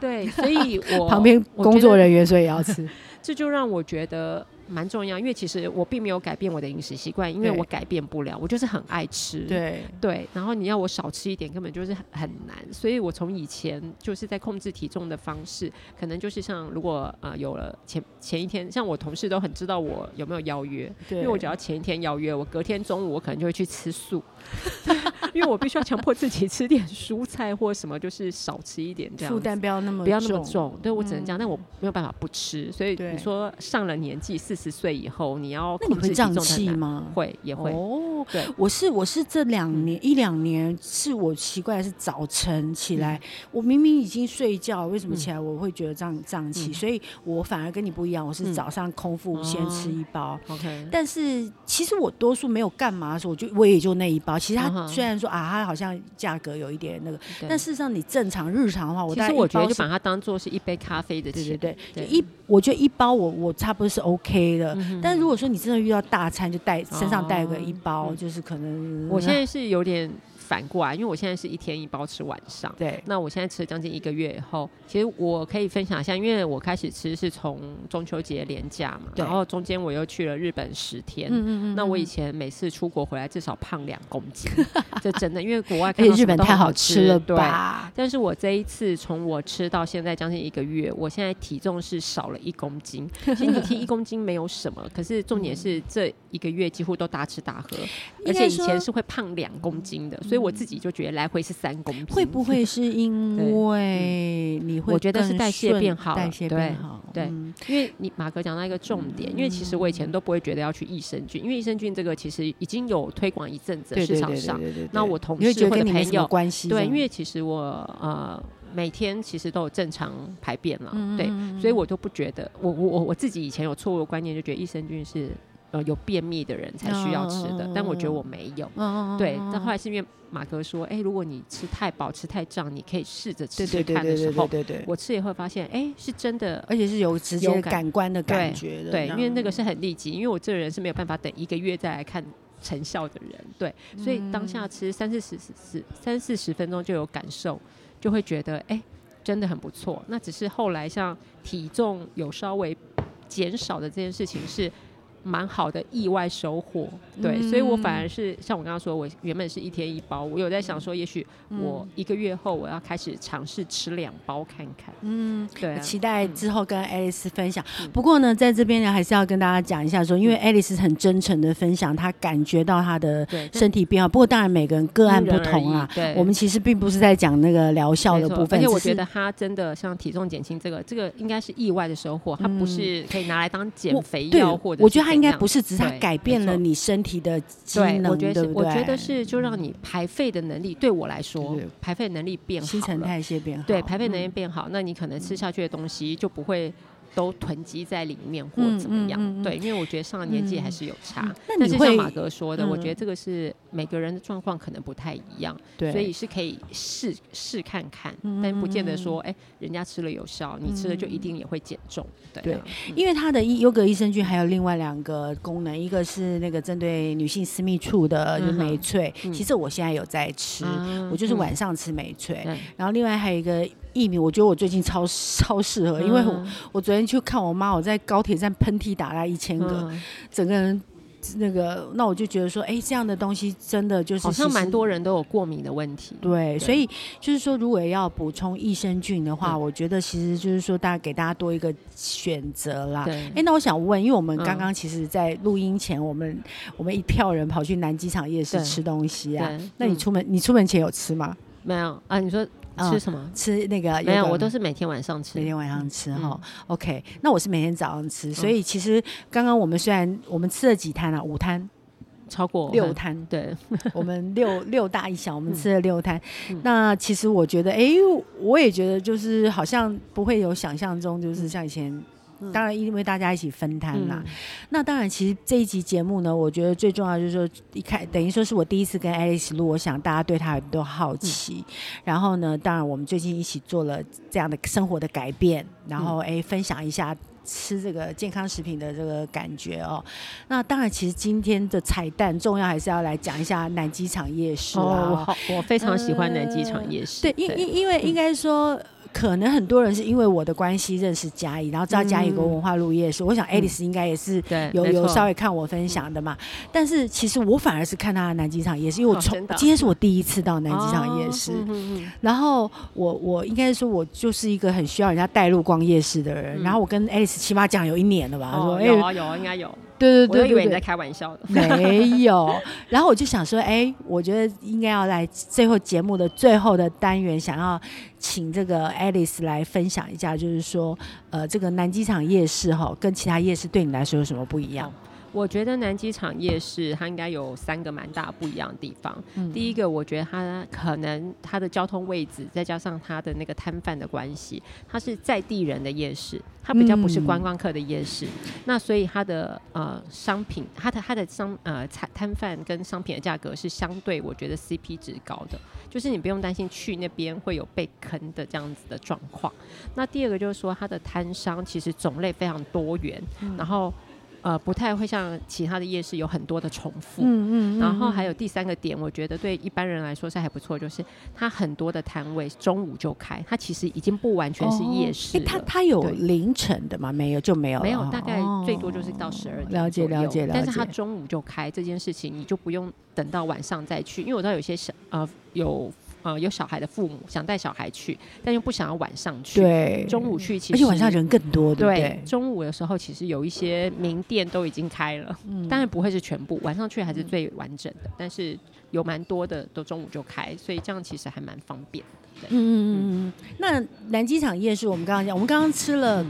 對，所以我 旁邊工作人員說也要吃呵呵，這就讓我覺得。蠻重要，因為其實我並沒有改變我的飲食習慣，因為我改變不了，我就是很愛吃。對對，然後你要我少吃一點，根本就是很難。所以我從以前就是在控制體重的方式，可能就是像如果啊、呃，有了前前一天，像我同事都很知道我有沒有邀約，對，因為我只要前一天邀約，我隔天中午我可能就會去吃素，對 因為我必須要強迫自己吃點蔬菜或什麼，就是少吃一點這樣，不要那麼不要那麼重。麼重嗯、對我只能這樣，但我沒有辦法不吃。所以你說上了年紀是。四十歲以後，你要控制，那你會脹氣嗎？會，也會哦。Oh, 對，我是我是這兩年一兩年，嗯、年是我奇怪的是早晨起來、嗯，我明明已經睡覺，為什麼起來我會覺得脹脹氣？所以我反而跟你不一樣，我是早上空腹先吃一包。嗯 oh, OK，但是其實我多數沒有幹嘛的時候，我就我也就那一包。其實它雖然說、uh -huh. 啊，它好像價格有一點那個，但事實上你正常日常的話，我但是我覺得就把它當做是一杯咖啡的錢。對對對，對對一我覺得一包我我差不多是 OK。黑、嗯、的，但如果說你真的遇到大餐，就帶身上帶個一包，哦、就是可能是我現在是有點。反過來，因為我現在是一天一包吃晚上，對。那我現在吃了將近一個月以後，其實我可以分享一下，因為我開始吃是從中秋節連假嘛，然後中間我又去了日本十天，嗯嗯嗯。那我以前每次出國回來至少胖兩公斤，這 真的，因為國外看到，哎、欸，日本太好吃了吧？對，但是，我這一次從我吃到現在將近一個月，我現在體重是少了一公斤。其實你提一公斤沒有什麼， 可是重點是這一個月幾乎都大吃大喝，而且以前是會胖兩公斤的。所以我自己就覺得來回是三公里，會不會是因為你？我覺得是代謝變好了，代謝變好。對，因為你瑪格講到一個重點、嗯，因為其實我以前都不會覺得要去益生菌，嗯、因為益生菌這個其實已經有推廣一陣子市場上。那我同事或者朋友關係，對，因為其實我呃每天其實都有正常排便了、嗯，對，所以我都不覺得我我我我自己以前有錯誤的觀念，就覺得益生菌是。呃，有便秘的人才需要吃的，但我覺得我沒有。Oh, oh, oh, oh, oh. 對，但後來是因為瑪格說，哎、欸，如果你吃太飽、吃太脹，你可以試着吃看的時候，我吃也會發現，哎、欸，是真的，而且是有直接感，感官的感覺對對。對，因為那個是很立即，因為我這個人是沒有辦法等一個月再來看成效的人。對，所以當下吃三四十、四三四十分鐘就有感受，就會覺得哎、欸，真的很不錯。那只是後來像體重有稍微減少的這件事情是。蠻好的意外收穫，對、嗯，所以我反而是像我剛剛說，我原本是一天一包，我有在想說，也許我一個月後我要開始嘗試吃兩包看看。嗯，對、啊，我期待之後跟愛麗絲分享、嗯。不過呢，在這邊呢，還是要跟大家講一下說，嗯、因為愛麗絲很真誠的分享，她感覺到她的身體變化、嗯。不過當然每個人個案不同啊，對我們其實並不是在講那個療效的部分。而且我覺得她真的像體重減輕這個、嗯，這個應該是意外的收穫，她不是可以拿來當減肥藥或者。應該不是，只是它改變了你身體的機能，對對，我覺得是對，對不對？我覺得是就讓你排廢的能力對我來說，對對對排廢能力變好了，新陳代謝變好，對排廢能力變好、嗯，那你可能吃下去的東西就不會。都囤積在裡面或怎麼樣，嗯嗯嗯嗯？對，因為我覺得上了年紀還是有差。那、嗯、是像瑪格說的、嗯，我覺得這個是每個人的狀況可能不太一樣，對所以是可以試試看看，嗯嗯，但不見得說，哎、欸，人家吃了有效，你吃了就一定也會減重嗯嗯。對，因為它的優格益生菌還有另外兩個功能，一個是那個針對女性私密處的美翠、嗯。其實我現在有在吃，嗯、我就是晚上吃美翠、嗯，然後另外還有一個。益民，我覺得我最近超超適合，因為我、嗯、我昨天去看我媽，我在高鐵站噴嚏打了一千個、嗯，整個人那個，那我就覺得說，哎、欸，這樣的東西真的就是實實好像蠻多人都有過敏的問題。對，對所以就是說，如果要補充益生菌的話，我覺得其實就是說，大家給大家多一個選擇啦。對。哎、欸，那我想問，因為我們剛剛其實，在錄音前，我們、嗯、我們一票人跑去南機場夜市吃東西啊。對。對那你出門、嗯，你出門前有吃嗎？沒有啊，你說。哦、吃什麼？吃那個，個沒有，我都是每天晚上吃。每天晚上吃哈、嗯哦、OK。那我是每天早上吃，嗯、所以其實剛剛我們雖然我們吃了幾攤啊，五攤，超過六攤、嗯。對，我們六六大一小，我們吃了六攤、嗯。那其實我覺得，哎、欸，我也覺得就是好像不會有想象中，就是像以前。嗯、當然，因為大家一起分攤啦、嗯。那當然，其實這一集節目呢，我覺得最重要就是說，一開等於說是我第一次跟 Alice 錄，我想大家對她都好奇、嗯。然後呢，當然我們最近一起做了這樣的生活的改變，然後哎、欸、分享一下吃這個健康食品的這個感覺哦、喔。那當然，其實今天的彩蛋重要還是要來講一下南機場夜市、啊、哦，我好我非常喜歡南機場夜市。呃、對，對，對，因因因為應該說。嗯可能很多人是因為我的關係認識嘉義，然後知道嘉義有文化路夜市、嗯。我想 Alice、嗯、應該也是有有稍微看我分享的嘛、嗯。但是其實我反而是看他的南機場夜市，也是因為我從、哦、今天是我第一次到南機場夜市。哦、然後我我應該說，我就是一個很需要人家帶路逛夜市的人。嗯、然後我跟 Alice 起碼講有一年了吧？他、哦、說、欸、有、啊、有、啊、應該有。對對，對對對，我以為你在開玩笑的。 沒有，然後我就想說，哎、欸，我覺得應該要來最後節目的最後的單元，想要請這個 Alice 來分享一下，就是說，呃，這個南機場夜市哈，跟其他夜市對你來說有什麼不一樣？我覺得南機場夜市它應該有三個蠻大不一樣的地方。嗯、第一個，我覺得它可能它的交通位置，再加上它的那個攤販的關係，它是在地人的夜市，它比較不是觀光客的夜市。嗯、那所以它的呃商品，它的它的商呃攤攤販跟商品的價格是相對我覺得 CP 值高的，就是你不用擔心去那邊會有被坑的這樣子的狀況。那第二個就是說，它的攤商其實種類非常多元，嗯、然後。呃，不太會像其他的夜市有很多的重複，嗯嗯，然後還有第三個點、嗯，我覺得對一般人來說是還不錯，就是它很多的攤位中午就開，它其實已經不完全是夜市、哦欸。它它有凌晨的嗎？沒有、嗯、就沒有。沒有，大概最多就是到十二點、哦。了解了解了解。但是它中午就開這件事情，你就不用等到晚上再去，因為我知道有些小呃有。啊、呃，有小孩的父母想帶小孩去，但又不想要晚上去，對，中午去其實，而且晚上人更多，對對，對不對？中午的時候其實有一些名店都已經開了，嗯、當然不會是全部，晚上去還是最完整的，嗯、但是有蠻多的都中午就開，所以這樣其實還蠻方便的。嗯嗯嗯嗯，那南機場夜市我們剛剛，我們剛剛講，我們剛剛吃了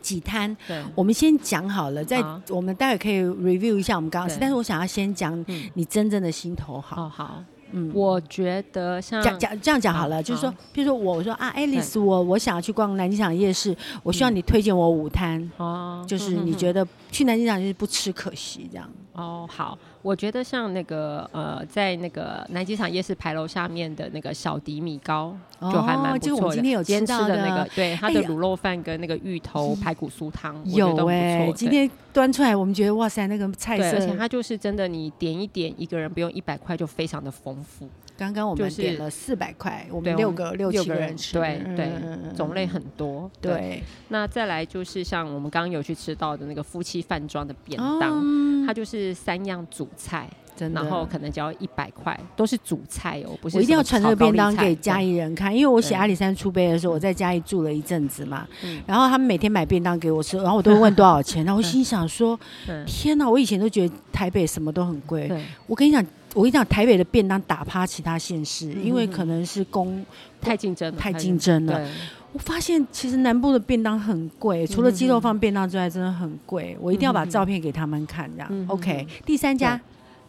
幾攤、嗯，對，我們先講好了，再、啊、我們待會可以 review 一下我們剛剛吃，但是我想要先講你真正的心頭好，嗯哦、好。嗯，我覺得像講講這樣講好了，嗯、就是說，哦、比如說我，我說啊，Alice，我我想要去逛南機場夜市，我需要你推薦我五攤、嗯，就是你覺得。去南機場就是不吃可惜這樣哦。Oh, 好，我覺得像那個呃，在那個南機場夜市牌樓下面的那個小迪米糕，oh, 就還蠻不錯的。就我們今天有吃到的,今天吃的那個，對它的滷肉飯跟那個芋頭排骨酥湯、哎，有哎、欸，今天端出來我們覺得哇塞，那個菜色，它就是真的，你點一點一個人不用一百塊就非常的豐富。剛剛我們點了四百塊、就是，我們六個六七個人吃，對對、嗯，種類很多、嗯對。對，那再來就是像我們剛剛有去吃到的那個夫妻飯莊的便當、哦，它就是三樣主菜，真、嗯、的，然後可能只要一百塊，都是主菜哦，我不是菜我一定要傳這個便當給家裡人看，因為我寫阿里山出杯的時候，我在家裡住了一陣子嘛、嗯，然後他們每天買便當給我吃，然後我都會問多少錢， 然後我心想說、嗯，天哪，我以前都覺得台北什麼都很貴，對我跟你講。我跟你講，台北的便當打趴其他縣市，因為可能是公、嗯、太競爭太競爭了，太競爭了，太競爭了。我發現其實南部的便當很貴，嗯、除了雞肉飯便當之外，真的很貴。我一定要把照片給他們看，嗯、這樣、嗯、OK、嗯。第三家。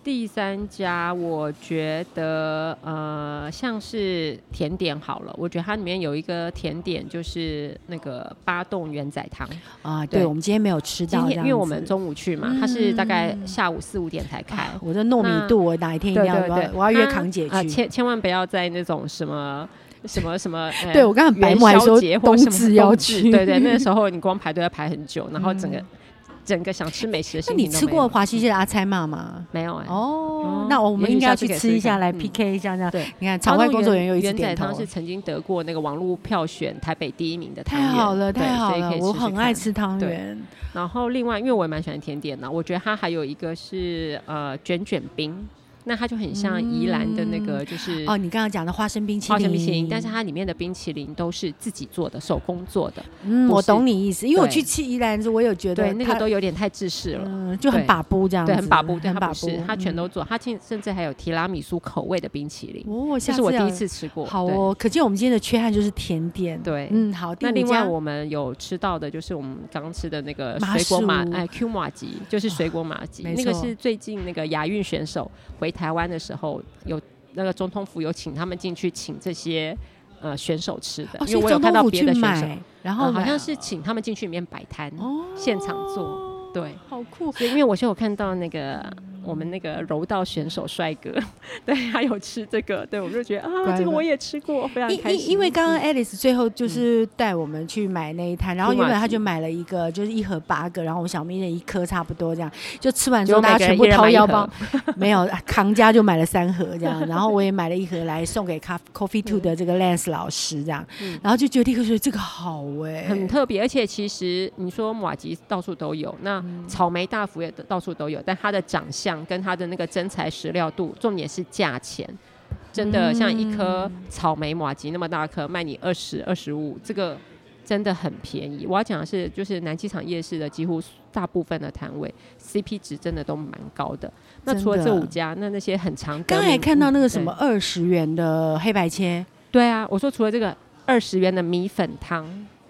第三家，我覺得呃，像是甜點好了。我覺得它裡面有一個甜點，就是那個八棟圓仔湯啊對。對，我們今天沒有吃到，因為我們中午去嘛，它是大概下午四五點才開。嗯啊、我的糯米肚，我哪一天一定要，要對對對？我要約康姐去啊，啊，千千萬不要在那種什麼什麼什麼。 欸、對我剛才白芒節或冬至要去，什麼什麼 對，對對，那時候你光排隊要排很久， 然後整個。嗯整個想吃美食的。那你吃過華西街的阿猜嬤嗎？嗯。沒有哎、欸。哦、嗯，那我們應該要去吃一下，下試試，來 PK 一下這、嗯。這樣，對，你看場外工作人員有一直點湯圓，是曾經得過那個網絡票選台北第一名的湯圓，太好了，太好了，好了，以以吃吃，我很愛吃湯圓。然後另外，因為我也蠻喜歡甜點的，我覺得它還有一個是呃捲捲冰。那它就很像宜蘭的那個，就是、嗯、哦，你剛剛講的花生，花生冰淇淋，但是它裡面的冰淇淋都是自己做的，手工做的。嗯，我懂你意思，因為我去吃宜蘭時，我有覺得它那個都有點太制式了、嗯，就很把布這樣子，對，很把布。對很把布。它不是，他、嗯、全都做，他甚至還有提拉米蘇口味的冰淇淋，哦，我次，這是我第一次吃過好哦。可見我們今天的缺憾就是甜點，對，嗯，好。那另外我們有吃到的就是我們剛剛吃的那個水果麻，哎，Q 麻吉，就是水果麻吉，那個是最近那個亞運選手回。台灣的時候，有那個總統府有請他們進去，請這些呃選手吃的，哦、因為我有看到別的選手，然後、呃、好像是請他們進去裡面擺攤、哦，現場做，對，好酷。所以因為我現在有看到那個。嗯我們那個柔道選手帥哥，對，他有吃這個，對，我們就覺得啊乖乖，這個我也吃過，非常開心因。因為剛剛 Alice 最後就是帶我們去買那一攤、嗯，然後原本他就買了一個，就是一盒八個，然後我們小咪那一顆差不多這樣，就吃完之後大家全部掏腰包，人人 沒有扛家就買了三盒這樣， 然後我也買了一盒來送給 Coffee Two 的這個 Lance 老師這樣，嗯、然後就覺得說這個好哎、欸，很特別，而且其實你說麻吉到處都有，那草莓大福也到處都有，但他的長相。跟它的那個真材實料度，重點是價錢，真的像一顆草莓麻糬那麼大顆賣你二十二十五，25，這個真的很便宜。我要講的是，就是南機場夜市的幾乎大部分的攤位，CP 值真的都蠻高的。那除了這五家，那那些很常，剛才看到那個什麼二十元的黑白切，對啊，我說除了這個二十元的米粉湯，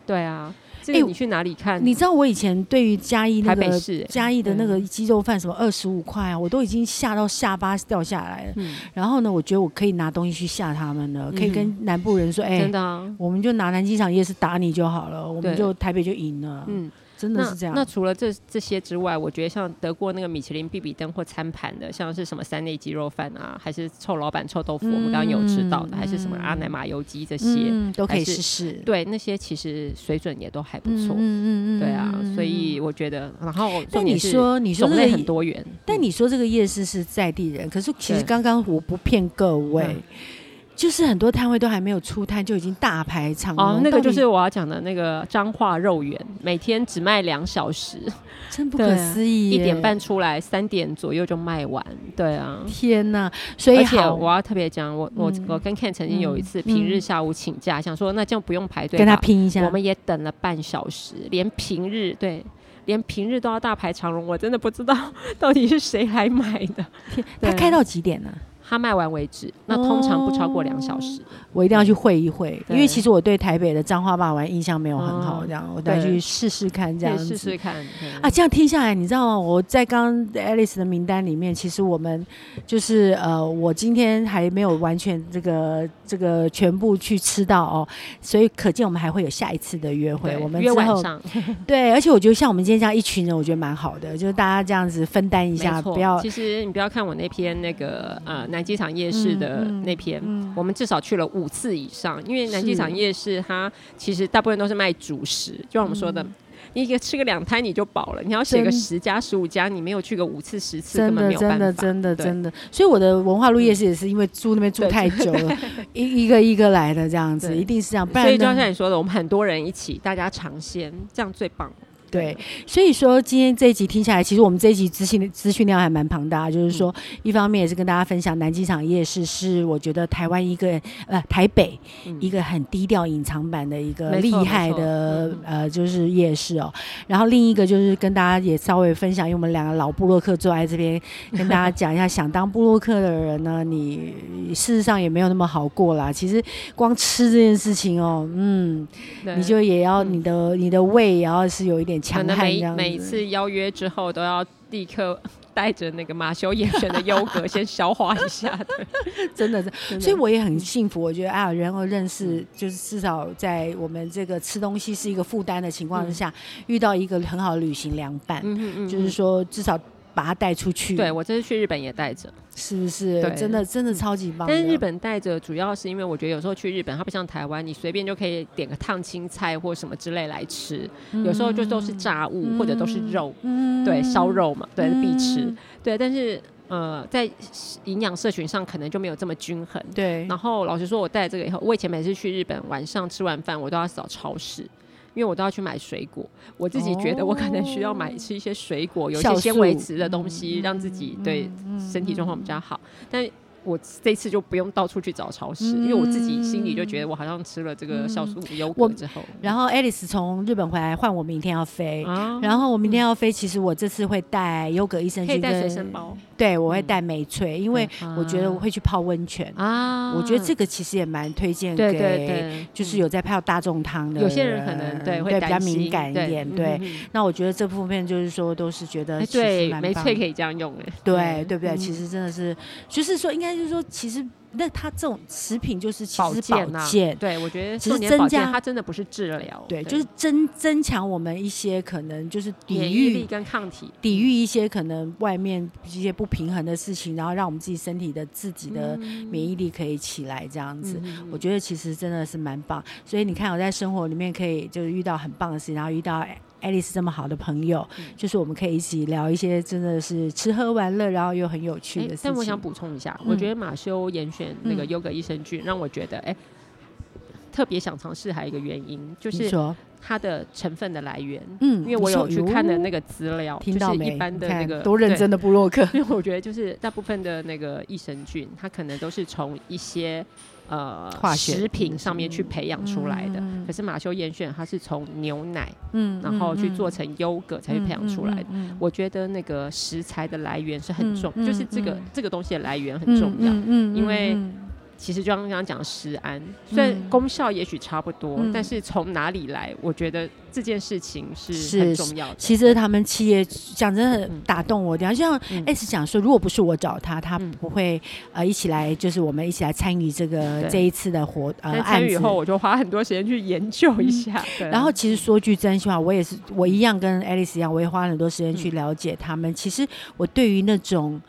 對啊。誒、這個，你去哪裡看、欸？你知道我以前對於嘉義那個、欸、嘉義的那個雞肉飯什麼二十五塊，啊、嗯，我都已經嚇到下巴掉下來了、嗯。然後呢，我覺得我可以拿東西去嚇他們了、嗯，可以跟南部人說：“哎、欸，真的、啊，我們就拿南機場夜市打你就好了，我們就台北就贏了。嗯”真的是這樣。那，那除了這這些之外，我覺得像得過那個米其林必比登或餐盤的，像是什麼三內雞肉飯啊，還是臭老板臭豆腐，嗯、我們剛，剛有吃到的，嗯、還是什麼阿奶麻油雞這些，嗯、都可以試試。對，那些其實水準也都還不錯。嗯嗯，嗯對啊，所以我覺得，然後但你說你說、這個、種類很多元，但你說這個夜市是在地人，嗯、可是其實剛剛我不騙各位。嗯就是很多攤位都還沒有出攤，就已經大排長龍、哦。那個就是我要講的那個彰化肉圓，每天只賣兩小時，真不可思議、啊。一點半出來，三點左右就賣完。對啊，天哪、啊！所以好，而且、啊、我要特別講，我、嗯、我我跟 Ken 曾經有一次平日下午請假，嗯、想說那這樣不用排隊，跟他拼一下。我們也等了半小時，連平日對，連平日都要大排長龍，我真的不知道到底是誰來買的。他開到幾點呢？他賣完為止，那通常不超過兩小時、oh, 嗯。我一定要去會一會，因為其實我對台北的髒話霸王印象沒有很好，這樣、oh, 我再去試試看這樣試試看、嗯、啊，這樣聽下來，你知道嗎？我在剛 Alice 的名單裡面，其實我們就是呃，我今天還沒有完全這個這個全部去吃到哦，所以可見我們還會有下一次的約會。我們約晚上 對，而且我覺得像我們今天這樣一群人，我覺得蠻好的，就是大家這樣子分擔一下，不要。其實你不要看我那篇那個呃那。機場夜市的那篇、嗯嗯嗯，我們至少去了五次以上，因為南機場夜市它其實大部分都是賣主食，就像我們說的，你一個吃個兩攤你就飽了。你要寫個十加十五加，你沒有去個五次十次的，根本沒有辦法，真的真的真的。所以我的文化路夜市也是因為住那邊住太久了，一、嗯、一個一個來的這樣子，一定是這樣。所以就像你說的，我們很多人一起，大家嘗鮮，這樣最棒。對，所以說今天這一集聽下來，其實我們這一集資訊的資訊量還蠻龐大。就是說，嗯、一方面也是跟大家分享南機場夜市是，是我覺得台灣一個呃台北、嗯、一個很低調隱藏版的一個厲害的呃就是夜市哦。然後另一個就是跟大家也稍微分享，因為我們兩個老部落客坐在這邊，跟大家講一下， 想當部落客的人呢、啊，你事實上也沒有那麼好過啦。其實光吃這件事情哦，嗯，你就也要、嗯、你的你的胃也要是有一點。可能每每次邀約之後，都要立刻帶着那個馬修嚴選的優格先消化一下，的 真的是。所以我也很幸福，我覺得啊，然後認識，就是至少在我們這個吃東西是一個負擔的情況之下，嗯、遇到一個很好的旅行良伴，嗯哼嗯哼，就是說至少把它帶出去。對我這次去日本也帶着。是不是？對，真的真的超級棒。但是日本帶着，主要是因為我覺得有時候去日本，它不像台灣，你隨便就可以點個燙青菜或什麼之類來吃。有時候就都是炸物，嗯、或者都是肉，嗯、對，燒肉嘛，嗯，對，必吃。對，但是呃，在營養社群上可能就沒有這麼均衡。對。然後老實說，我帶這個以後，我以前每次去日本晚上吃完飯，我都要掃超市。因為我都要去買水果，我自己覺得我可能需要買吃一些水果，哦、有一些纖維質的東西，讓自己對身體狀況比較好。嗯嗯嗯嗯但我這次就不用到處去找超市，嗯，因為我自己心裡就覺得我好像吃了這個酵素優格之後。然後 Alice 從日本回來換我明天要飛，啊，然後我明天要飛，嗯、其實我這次會帶優格益生菌去跟。可以帶隨身包。對，我會帶美翠、嗯，因為我覺得我會去泡溫泉，嗯。啊，我覺得這個其實也蠻推薦給，就是有在泡大眾湯的對對對，嗯，有些人可能對會對比較敏感一點。對，對嗯對嗯、那我覺得這部分就是說都是覺得實蠻棒的，哎、對，美翠可以這樣用。對、嗯、對，對不對、嗯？其實真的是，就是說應該。就是說，其實那它這種食品就是其實保健，保健啊、對，我覺得只增加它真的不是治療，對，就是增增強我們一些可能就是抵禦力跟抗體，抵禦一些可能外面一些不平衡的事情，然後讓我們自己身體的自己的免疫力可以起來這樣子。嗯、我覺得其實真的是蠻棒，所以你看我在生活裡面可以就是遇到很棒的事情，然後遇到，欸。愛麗絲這麼好的朋友、嗯，就是我們可以一起聊一些真的是吃喝玩樂，然後又很有趣的事情。欸、但我想補充一下、嗯，我覺得馬修嚴選那個優格益生菌、嗯、讓我覺得，哎、欸，特別想嘗試。還有一個原因就是它的成分的來源，嗯，因為我有去看的那個資料、嗯，聽到沒、你看那個多認真的部落客， 因為我覺得就是大部分的那個益生菌，它可能都是從一些。呃化學，食品上面去培養出來的嗯嗯嗯嗯，可是馬修嚴選它是從牛奶，嗯，嗯，嗯，然後去做成優格，才去培養出來的嗯嗯嗯嗯。我覺得那個食材的來源是很重要，嗯嗯嗯，就是這個嗯嗯這個東西的來源很重要，嗯，嗯，嗯，嗯，嗯，因為。其實就像剛剛講食安，雖然功效也許差不多，嗯，但是從哪裡來，我覺得這件事情是很重要的。其實他們企業講真的打動我，好，嗯、像 Alice 講說，如果不是我找他，他不會，嗯、呃一起來，就是我們一起來參與這個這一次的活呃案子。參與以後我就花很多時間去研究一下。嗯對啊，然後其實說句真心話，我也是我一樣跟艾麗絲一樣，我也花很多時間去了解他們。嗯，其實我對於那種。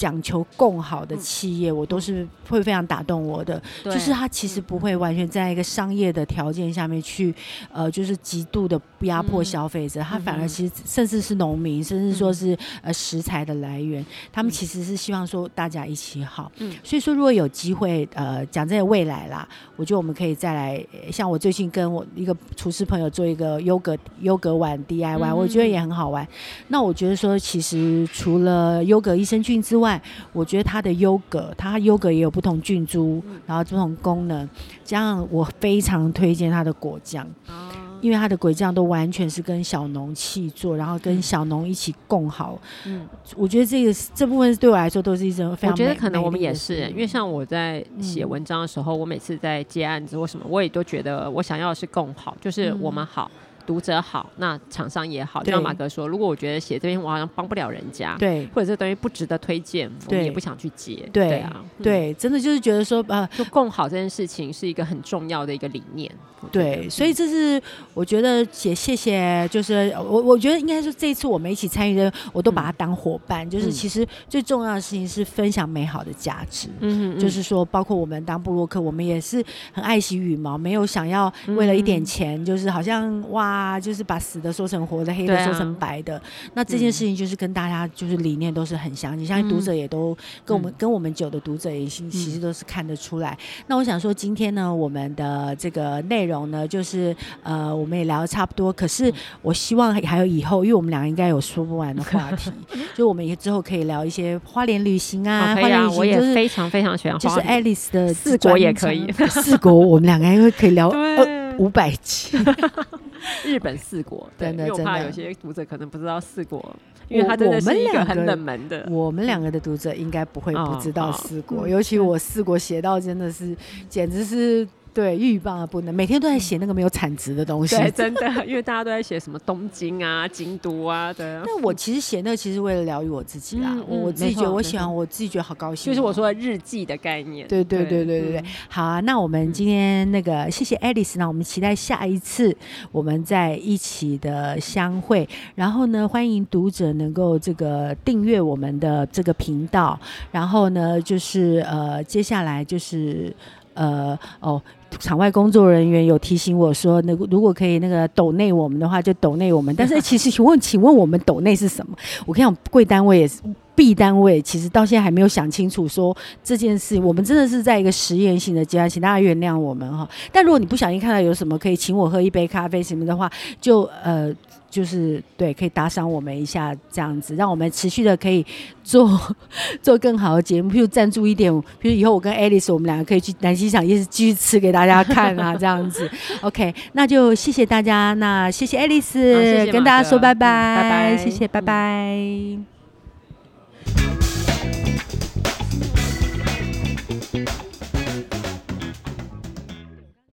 講求共好的企業、嗯，我都是會非常打動我的。就是他其實不會完全在一個商業的條件下面去，嗯、呃，就是極度的壓迫消費者。他、嗯、反而其實甚至是農民、嗯，甚至說是呃食材的來源、嗯，他們其實是希望說大家一起好。嗯，所以說如果有機會，呃，講這些未來啦，我覺得我們可以再來。像我最近跟我一個廚師朋友做一個優格優格碗 DIY，、嗯、我覺得也很好玩。嗯、那我覺得說，其實除了優格益生菌之外，我覺得它的優格，它的優格也有不同菌株，嗯、然後不同功能，加上我非常推薦它的果醬，嗯、因為它的果醬都完全是跟小農契作，然後跟小農一起共好。嗯，我覺得這個這部分對我來說都是一種非常，我覺得可能我們也是、欸，因為像我在寫文章的時候，嗯、我每次在接案子或什麼，我也都覺得我想要的是共好，就是我們好。嗯讀者好，那廠商也好，就像瑪格說，如果我覺得寫這篇我好像幫不了人家，對，或者這東西不值得推薦，我們也不想去接，對，對啊，對、嗯，真的就是覺得說，呃，就共好這件事情是一個很重要的一個理念，對，所以這是我覺得謝謝，就是我我覺得應該說這次我們一起參與的，我都把它當夥伴，就是其實最重要的事情是分享美好的價值，嗯，嗯，嗯，就是說包括我們當部落客，我們也是很愛惜羽毛，沒有想要為了一點錢，就是好像哇。啊，就是把死的說成活的，黑的說成白的。啊，那這件事情就是跟大家就是理念都是很像。你、嗯、像讀者也都跟我們、嗯、跟我們久的讀者也其實都是看得出來。嗯、那我想說，今天呢，我們的這個內容呢，就是呃，我們也聊得差不多。可是我希望還有以後，因為我們兩個應該有說不完的話題， 就我們也之後可以聊一些花蓮旅行啊，啊花蓮旅行、就是、我也非常非常喜歡就是 Alice 的四國也可以 四國，我們兩個應該可以聊五百、哦、集。 日本四國，okay, 對真的真的有些讀者可能不知道四國，我因為它真的是一個很冷門的我們兩個，我們兩個的讀者應該不會不知道四國，嗯、尤其我四國寫到真的是，嗯、簡直是。對，欲罷不能，每天都在寫那個沒有產值的東西，嗯。對，真的，因為大家都在寫什麼東京啊、京都啊的。但 我其實寫那個，其實為了療癒我自己啦。嗯嗯、我自己覺得我喜歡，我自己覺得好高興。就是我說的日記的概念。對對對對對，對，對、嗯、好啊，那我們今天那個、嗯、謝謝 Alice，那我們期待下一次我們在一起的相會。然後呢，歡迎讀者能夠這個訂閱我們的這個頻道。然後呢，就是呃，接下來就是。呃，哦，場外工作人員有提醒我說，那如果可以那個抖內我們的話，就抖內我們。但是其實，請問，請問我們抖內是什麼？我看貴單位也是、B 單位，其實到現在還沒有想清楚說這件事。我們真的是在一個實驗性的階段，請大家原諒我們哈。但如果你不小心看到有什麼可以，請我喝一杯咖啡什麼的話，就呃。就是對，可以打賞我們一下，這樣子，讓我們持續的可以做做更好的節目。比如贊助一點，比如以後我跟 Alice，我們兩個可以去南機場一直繼續吃給大家看啊， 這樣子。OK，那就謝謝大家，那謝謝 Alice，謝謝跟大家說拜拜，謝、嗯、謝，拜拜。謝謝嗯拜拜嗯。